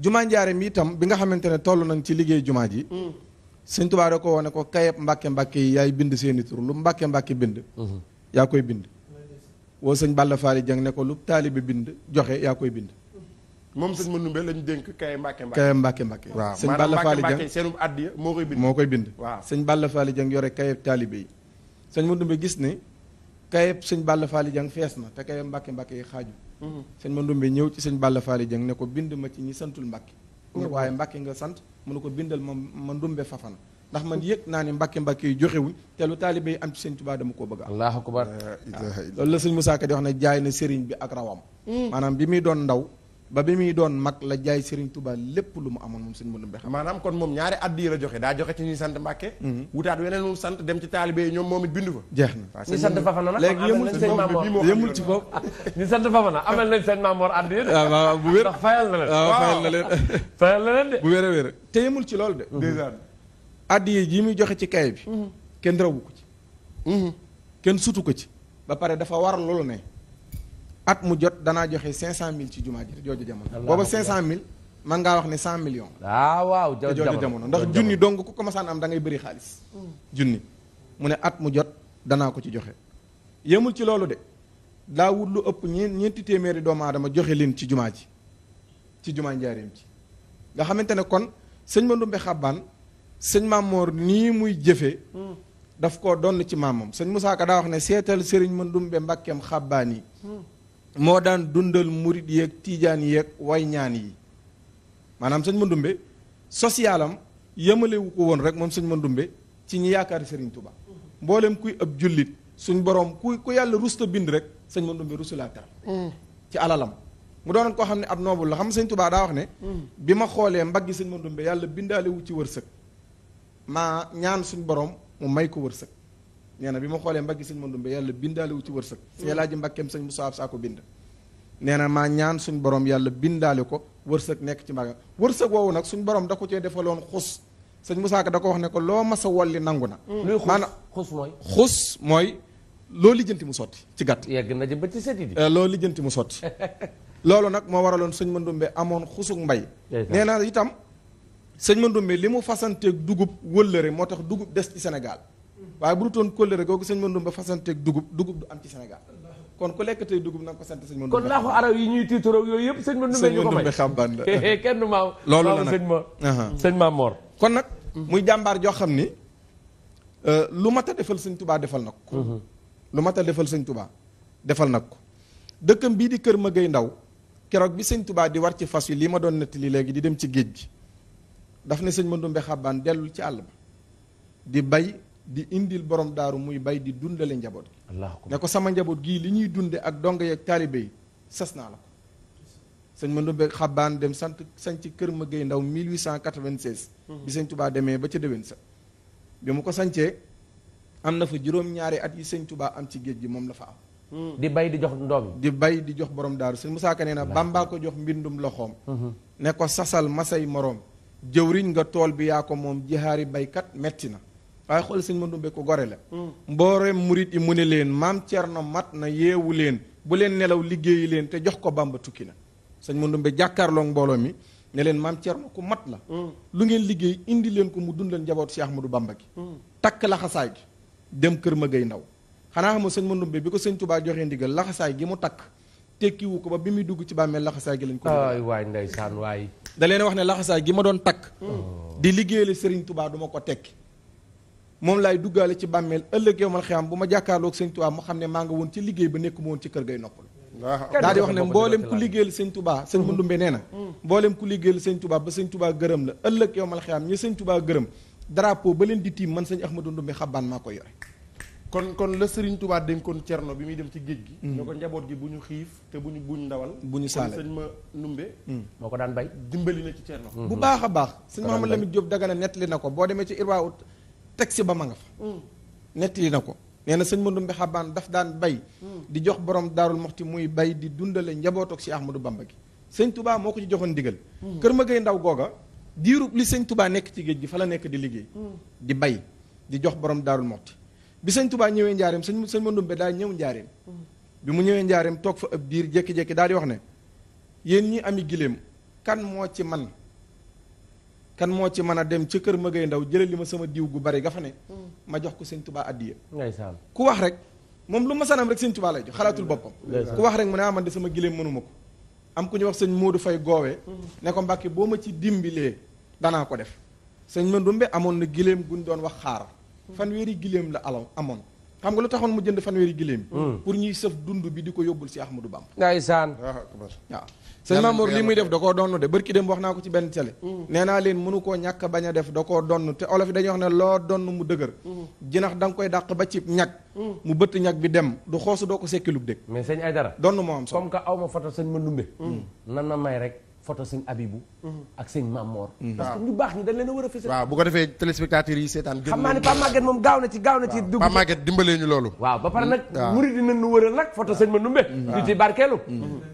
jumaa njaareem itam bi nga xamante ne toll nañ ci liggéey jumaa ji mm. sëñ Tuubaa ko wax ne ko kayeb mbàkke mbàkke yi yaay bind seeni tur lu mbàkke mbàkke bind mhm. yaa koy bind woo sëñ Balla Faali Jeng ne ko lu taalibe bind joxe yaa koy bind moom sëñ Manumbe lañ dénk kaye Mbacke Mbacke kaye Mbacke Mbacke waaw sëñ Balla Faali Jeng seenum àddi moo koy bind moo yore kaye taalibe yi sëñ Manumbe gis ne kaye sëñ Balla Faali Jeng fees na te kaye Mbacke Mbacke yi xaaju mhm. sëñ Manumbe ñëw ci sañ Balla Faali Jeng ne ko bind ma ci ñi santul Mbacke waaye Mbàkke nga sant mu ne ko bindal ma ma ndumbe fafan ndax man yëg naa ne mbàkke mbàkke yu joxewuñ te lu taalibe yi am ci sëñ Tuubaa dama koo bëgg a am allahu akbar loolu la sëñ Musaa Ka di wax ne jaay na sëriñ bi ak rawam hmm. maanaam bi muy doon ndaw ba bi muy doon mag la jaay Serigne Touba lépp lu mu amoon moom sëñ Modou Mbéxe maanaam kon moom ñaari at yi la joxe daa joxe ci ñuy sant Mbàkke mhm. wutaat weneen moom sant dem ci taalibe yi ñoom moom it bindu fa jeex na ñu sant Fafana yëmul ci foofu ñu sant Fafana amal nañ seen Mamoor at yi waaw waaw na leen waaw fayal na leen fayal bu wér a wér te yëmul ci loolu de mhm. dèjà at yi ji muy joxe ci kay bi mhm. kenn rawu ko ci kenn sutu ko ci ba pare dafa war loolu ne at mu jot danaa joxe cinq cent mille ci jumaa ji jooju jamono booba cinq cent mille man ngaa wax ne cent millions ah waaw jooju jamono ndax junni donc ku ko masaan am da ngay bëri xaalis junni mu ne at mu jot danaa ko ci joxe yemul ci loolu de daa wut lu ëpp ñeen ñeenti téeméeri doomu aadama joxe leen ci jumaa ji ci jumaa njaareem ji nga xamante ne kon sëñ Mandoumbe Xabbaan sëñ Mamor nii muy jëfe hmm. daf koo donn ci maamam sëñ musaaka daa wax ne seetal sëriñ Mandoumbe Mbàkkeem Xabbaan yi hmm. moo daan dundal murit yéeg tiijaan yeeg way ñaan yi maanaam sëñ Mandumbe socialam yëmalewu ko woon rek moom sëñ Mandumbe ci ñi yaakaar Serigne Touba mboolem kuy ab jullit suñ borom ku ku yàlla rusta bind rek sëñ Mandumbe rusulaa teral mm. ci alalam mu doon koo xam ne ab noobul la xam sëñ Touba daa wax ne mm. bi ma xoolee mbaggi sëñ Mandumbe yàlla bindaalewu ci wërsëg maa ñaan suñ borom mu may ko wërsëg nee na bi ma xoolee mbaggi sëñ Mandoumbe yàlla bindaale wu ci wërsëg see mm. laa ji mbàkkeem sëñ Moussa saako bind nee na maa ñaan suñ borom yàlla bindaale ko wërsëg nekk ci mbagam wërsëg woowu nag suñ borom da ko cee defaloon xus sëñ Moussa ka da ko wax ne ko loo mas a wolli nangu na mm. maanaam xus mooy xus mooy loo lijjanti mu sotti ci gàtt yegg na ba ci sët yi eh, loo lijjanti mu sotti loolu nag moo waraloon sëñ Mandoumbe amoon xusug mbay nee na itam sëñ Mandoumbe li mu fasanteeg dugub wëllëre moo tax dugub des ci Sénégal waaye bu dutoon kóllëre googu sëñ Mandoumba fasanteeg dugub dugub du am ci Sénégal kon ku lekk tey dugub nag nga ko sant sëñ Mandoumba kon laaxu araw ñuy tiitaroo yooyu yëpp sëñ Mandoumba ñu ko may xàmban kenn maa loolu la sëñ ma sëñ ma kon nag muy jàmbaar joo xam ni euh, lu mat a defal sëñ tubaa defal na ko mhm. mat defal sëñ Touba defal na ko dëkkam bii di kër Magay Ndaw keroog bi sëñ Touba di war ci fas yi lii ma doon nettali léegi di dem ci géej gi daf ne sëñ Mandoumbe xàbbaan dellul ci àll ba di bay di indil borom daaru muy bay di dundale njaboot gi ne ko sama njaboot gii li ñuy dunde ak dong yeeg taalibe yi sas naa la ko sëñ Mandumbe xabaan dem sant ci kër ma Gueye Ndaw 1896 mhm. bi sëñ Tubaa demee ba ca déwén sa bi mu ko sañcee am na fa juróom-ñaari at yi sëñ Tubaa am ci géej gi moom la fa am mhm. di bay di jox ndoom di bay di jox borom daaru sëñ Musaa Ka nee na Bàmbaa ko jox mbindum loxoom mhm. ne ko sasal masay moroom jëwriñ nga tool bi yaa ko moom jihaari baykat metti na waaye xool sëñ Mandumbe ko gore la mm. mboore murit yi mu ne leen maam na mat na yeewu leen bu leen nelaw liggéeyi leen te jox ko Bàmba tukki na sëñ Mandumbe jàkkaarloog mbooloo mi ne leen maam na ku mat la mm. lu ngeen liggéey indi leen ko mu dundal njaboot si Ahmadu Bàmba gi mm. takk laxasaay gi dem kër ma gay ndaw xanaa xamoo sëñ Mandumbe bi ko sëñ Tubaa joxee ndigal laxasaay gi mu takk tekkiwu ko ba bi muy dugg ci bàmmeel laxasaay gi lañ ko waay ndeysaan waay da leen wax ne laxasaay gi ma doon takk di liggéeyale Sëriñ Tubaa du ma ko tekki moom laay duggaale ci bàmmeel ëllëg yow mal xiyaam bu ma jàkkaarloog sëñ Tuubaa mu xam ne maa nga woon ci liggéey ba nekk ma woon ci kër gay noppal daal di wax ne mboolem ku liggéeyal sëñ tubaa sëñ Mandumbe nee na mm. Mm. mboolem ku liggéeyal sëñ Tuubaa ba sëñ Tuubaa gërëm la ëllëg yow mal xiyaam ñi sëñ Tuubaa gërëm drapeau ba leen di tiim man sëñ Ahmadu Ndumbe xabbaan maa koy yore kon kon la Serigne Touba dénkoon Cerno bi muy dem ci géej gi. Mm. ne ko njaboot gi bu ñu xiif te bu ñu buñ ndawal. bu ñu saale sëñ ma numbe. moo ko daan bay dimbali na ci Cerno. bu baax a baax. sëñ Mouhamadou Lamine Diop Dagana nettali na ko boo demee ci Irwa ut. teg taxi ba ma nga fa nettali na ko nee na sëñ Mandumbe Xabaan daf daan bay di jox borom daarul moxti muy bay di dundale njabootoog si ax Ahmadou Bamba gi sëñ tubaa moo ko ci joxoon digal kër ma gay ndaw googa diirub li sëñ tubaa nekk ci géej gi fa la nekk di liggéey di bay di jox boroom daarul moxti bi sëñ tubaa ñëwee njaareem sëñ sëñ Mandumbe daa ñëw njaareem bi mu ñëwee njaareem toog fa ëpp diir jékki-jékki daal di wax ne yéen ñi ami giléem kan moo ci man kan moo ci mën a dem ci kër Magay Ndaw jëlal li ma sama diw gu bari ga fa ne hmm. ma jox ko sëñ Tuubaa addiya ndeysaan ku wax rek moom lu ma sanam rek sëñ Tuubaa lay jox xalaatul boppam ku wax rek mu ne ah man de sama gileem mënuma ko am ku ñu wax moo Moodu Fay goowee hmm. ne ko Mbàkke boo ma ci dimbilee danaa ko def sëñ Mandumbe amoon na gileem guñ doon wax xaar hmm. fanweeri gileem la alaw amoon xam nga lu taxoon mu jënd fanweeri gileem pour ñuy sëf dund bi di ko yóbbul si Ahmadou Bamba ndeysaan waaw seen Mamour li muy def da koo donn de bërki dem wax naa ko ci benn télé mm. nee naa leen mënu koo ñàkk bañ a def da koo donn te olof yi dañuy wax ne loo donn mu dëgër mm. jinax da nga koy dàq ba ci ñag mm. mu bëtt ñag bi dem du xoosu doo ko sekkilub dëkk mais sëñ Aydara donn moo am solo comme que aw ma foto sëñ Mandoumbe nan na may rek foto sëñ Abibou ak sëñ Mamor parce que ñu baax ñi dañ leen a war a bu ko defee téléspectateurs yi seetaan xam naa ne Pape Maguette moom gaaw na ci gaaw na ci dugg Pape Maguette dimbalee ñu loolu waaw ba pare nag murid dinañ nu wëral nag foto sëñ Mandoumbe ñu ci barkeelu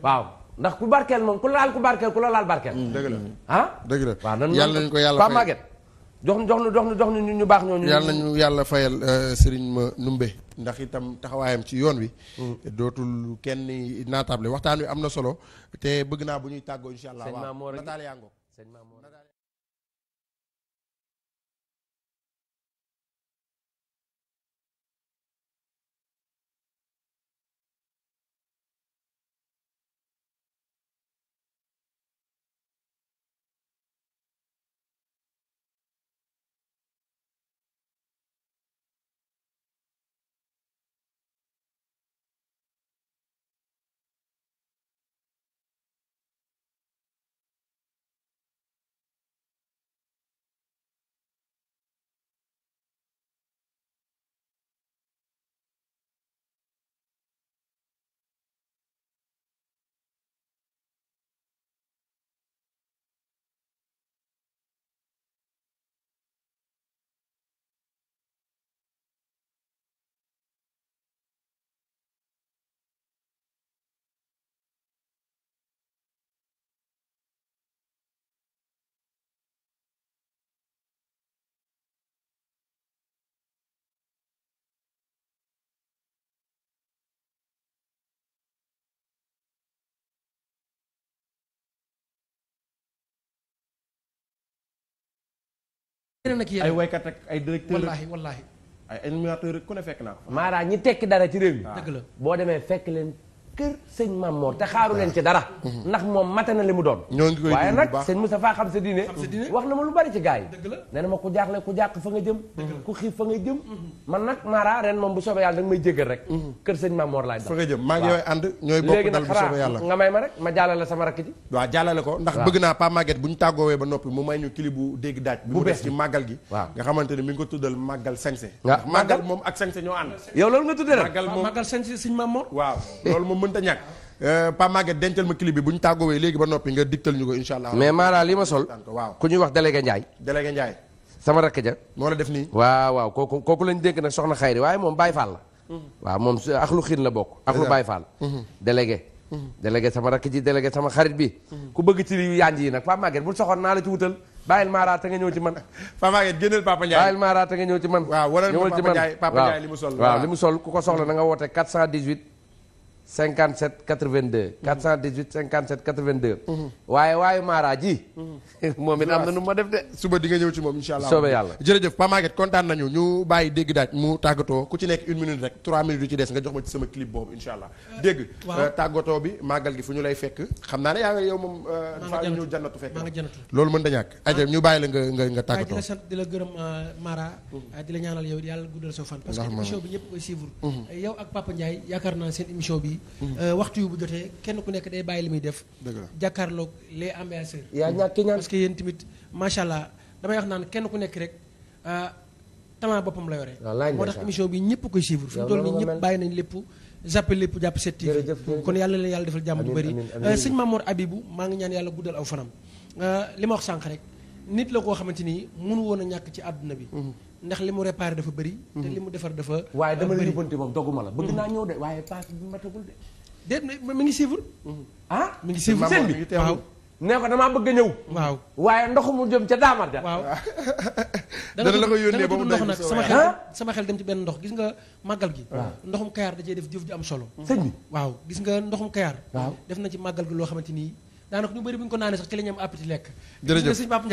waaw ndax ku barkeel moom ku laal ku barkeel ku la laal barkeel. Mm, dëgg na ah. dëgg la waaw nan yàlla ko yàlla fayal Pape Maguette jox jox nu jox nu jox nu ñu baax ñooñu. yàlla ñu yàlla fayal euh, Serigne Ma Numbe ndax itam taxawaayam ci yoon wi. Mm. dootul kenn ni naatable waxtaan wi am na solo te bëgg naa bu ñuy tàggoo incha allah. waaw nataal yaa ngoog ay waykat ak ay directeur wallaahi wallaahi ay animateur ku ne fekk naa ko. maanaam ñi tekki dara ci réew mi. dëgg la boo demee fekk leen. kër sëñ Mame Mor te xaaru leen ci dara ndax moom mate na li mu doon waaye nag sëñ Moustapha na na ma ku jaaxle bu soobee da nga may jéggal rek mhm. kër sëñ Mame Mor laay dal fa nga jëm maa ngi ma ma jàllale sama rakk ji waaw jàllale ko ndax naa Pa Maguette bu ñu ba noppi mu may ñu kili bu dégg daaj bi mu des ci màggal gi nga xamante ne mi ngi ko tuddal màggal sañse mënta ñàkk euh, dencal ma clip bi bu ñu tàggoowee léegi ba noppi nga digtal ñu ko incha allah. mais maanaam li ma sol. waaw ku ñuy wax délégué Ndiaye. délégué Ndiaye. sama rakk ja. moo la def nii. waaw waaw kooku kooku lañ dégg nag soxna Xayri waaye moom Baye Fall la. waaw moom ak lu xiin la bokk. ak lu Baye Fall. Mhm. délégué. Mhm. délégué sama rakk ji délégué sama xarit bi. Mhm. ku bëgg ci yu yi nag Pa Maguette bul soxoon naa la ci wutal. bàyyil maara te nga ñëw ci man Papa Ndiaye li mu sol ku ko soxla na woote 418 57 82. 418 57 82. waaye waaye Mara ji. moom it am na nu ma def de. suba di nga ñëw ci moom incha allah soobee yàlla. jërëjëf Pa Maguette kontaan nañu ñu bàyyi dégg daaj mu tàggatoo ku ci nekk une minute rek 3 minutes yu ci des nga jox ma ci sama clip boobu incha allah. dégg euh, tàggatoo bi màggal gi fu ñu lay fekk xam naa ne yaa ngi yow moom. Euh, maa ngi ñëw jannatu fekk loolu mën da ñàkk. Ah. ajab ñu la nga nga nga tàggatoo. Ah, di la sant di la euh, yi. Mm-hmm. Euh, waxtu yu bu jotee kenn ku nekk day bàyyi li muy def. dëgg la jàkkaarloog les ambassadeurs. yaa ñàkk ñaan tamit macha allah damay wax naan kenn ku nekk rek ah, tamaa boppam la yore. moo tax émission bi ñëpp koy suivre. fi mu toll nii ñëpp bàyyi nañ lépp. jàppale lépp jàpp set TV kon yàlla leen yàlla defal jàmm ju bëri euh, sëñ Mamour Abibou maa ngi ñaan yàlla guddal aw fanam euh, li ma wax sànq rek nit la koo xamante ni mun woon a ñàkk ci àdduna bi mm-hmm. ndax li mu réparé dafa bëri. te li mu defar dafa. waaye dama la yóbbante moom dogguma la. bëgg naa ñëw de waaye paas bi matagul de. déet mi ngi suivre. ah mi ngi suivre seen bi waaw. nee damaa bëgg a ñëw. waaw waaye ndox mu jëm ca daamar ja. waaw dana la ko yónnee ba mu ndox nag sama xel sama xel dem ci benn ndox gis nga màggal gi. ndoxum kayaar da def jëf ju am solo. sëñ bi waaw gis nga ndoxum kayaar. def na ci màggal gi loo xamante ni daanaka ñu bari bu ñu ko naanee sax ci la ñu am lekk jërëjëf sëñ Pape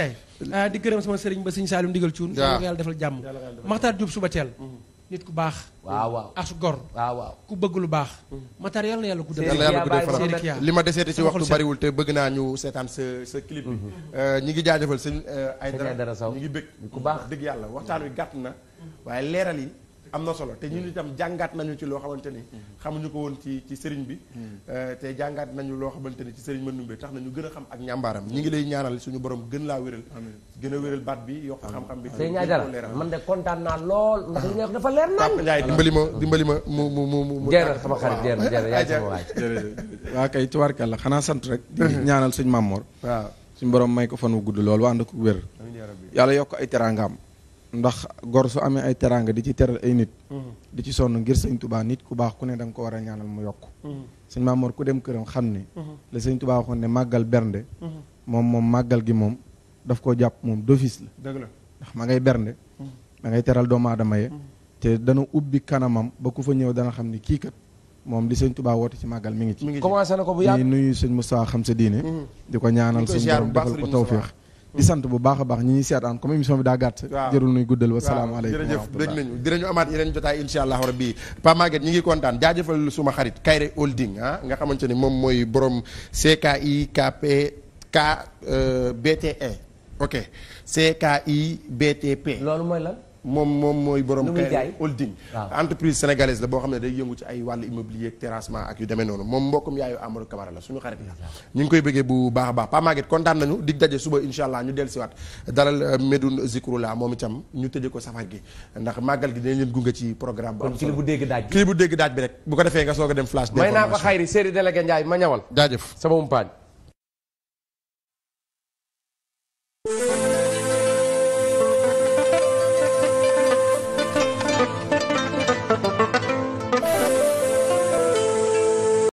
ah, di gërëm sama sëriñ ba saa Saalum ndigal cuun yàlla yàlla defal jàmm Maxtaar Diop suba teel mm-hmm. nit ku baax waaw waaw ku bëgg lu baax mm-hmm. Maxtaar yàlla yàlla guddal yàlla yàlla li ma deseeti ci waxtu bariwul te bëgg naa ñu seetaan sa sa clip bi mm-hmm. euh, ñi ngi jaajëfal sëñ euh, Aydara ñi ngi bëgg ku baax dëgg yàlla waxtaan wi gàtt na waaye leeral yi am na solo te ñun mm. itam jàngaat nañu ci loo xamante ni mm. xamuñu ko woon ci ci sëriñ bi mm. euh, te jàngaat nañu loo xamante ni ci sëriñ Mandoumbe tax nañu gën a xam ak ñàmbaaram ñi ngi lay ñaanal suñu borom gën laa wéral gën a baat bi yokk xam-xam bi sëriñ Aïdara man de kontaan naa lool dafa leer naan Papa ma dimbali ma mu mu mu mu jeer sama xarit jeer jeer yaay sama waay waa kay tubaarkàlla xanaa sant rek ñaanal suñ Mamor waaw suñu borom may ko fan wu gudd lool waa ànd ko wér yàlla yokk ay teraangaam ndax gor su amee ay teraanga di ci teral ay nit mhm. di ci sonn ngir sëñ tubaa nit ku baax ku ne danga ko war a ñaanal mu yokk mhm. sëñ Maamoor ku dem këram xam ne mhm. la sëñ tubaa waxoon ne màggal bernde moom moom màggal gi moom daf koo jàpp moom d'office la dëgg la ndax ma ngay bernde da ngay teral doomu aadama ye te dana ubbi kanamam ba ku fa ñëw dana xam ne kii kat moom li sëñ tubaa woote ci màggal mu ngi ci commencé na ko bu yàgg nuyu sëñ Moustapha xam sa diine di ko ñaanal sëñ borom defal ko tawféex di sant bu baax a baax ñi ñuy seetaan comme émission bi daa gàtt jërul nuy guddal wa salaamaaleykum jërëjëf bëgg nañu dinañu amaat yeneen jotaay insha allahu rabbi Pa Maguette ñi ngi kontaan jaajëfal suma xarit Kayre Holding ah nga xamante ni moom mooy borom CKI KP ka euh, BTE ok CKI BTP loolu mooy lan moom moom mooy borom Kairé holding entreprise sénégalaise la boo xam ne day yëngu ci ay wàllu immobilier terrassement ak yu demee noonu moom mbokkum yaayu Amadou Camara la suñu xarit la ñu koy bëggee bu baax a baax Pa Maguette kontaan nañu dig daje suba insha allah ñu del siwaat dalal euh, Medoune Zikroula moom itam ñu tëje ko safar gi ndax màggal gi dañ leen gunge ci programme bu am solo bu dégg daaj kii bu dégg daaj bi rek bu ko defee nga soog a dem flash may naa ko xayri séeri délégué Ndiaye ma ñawal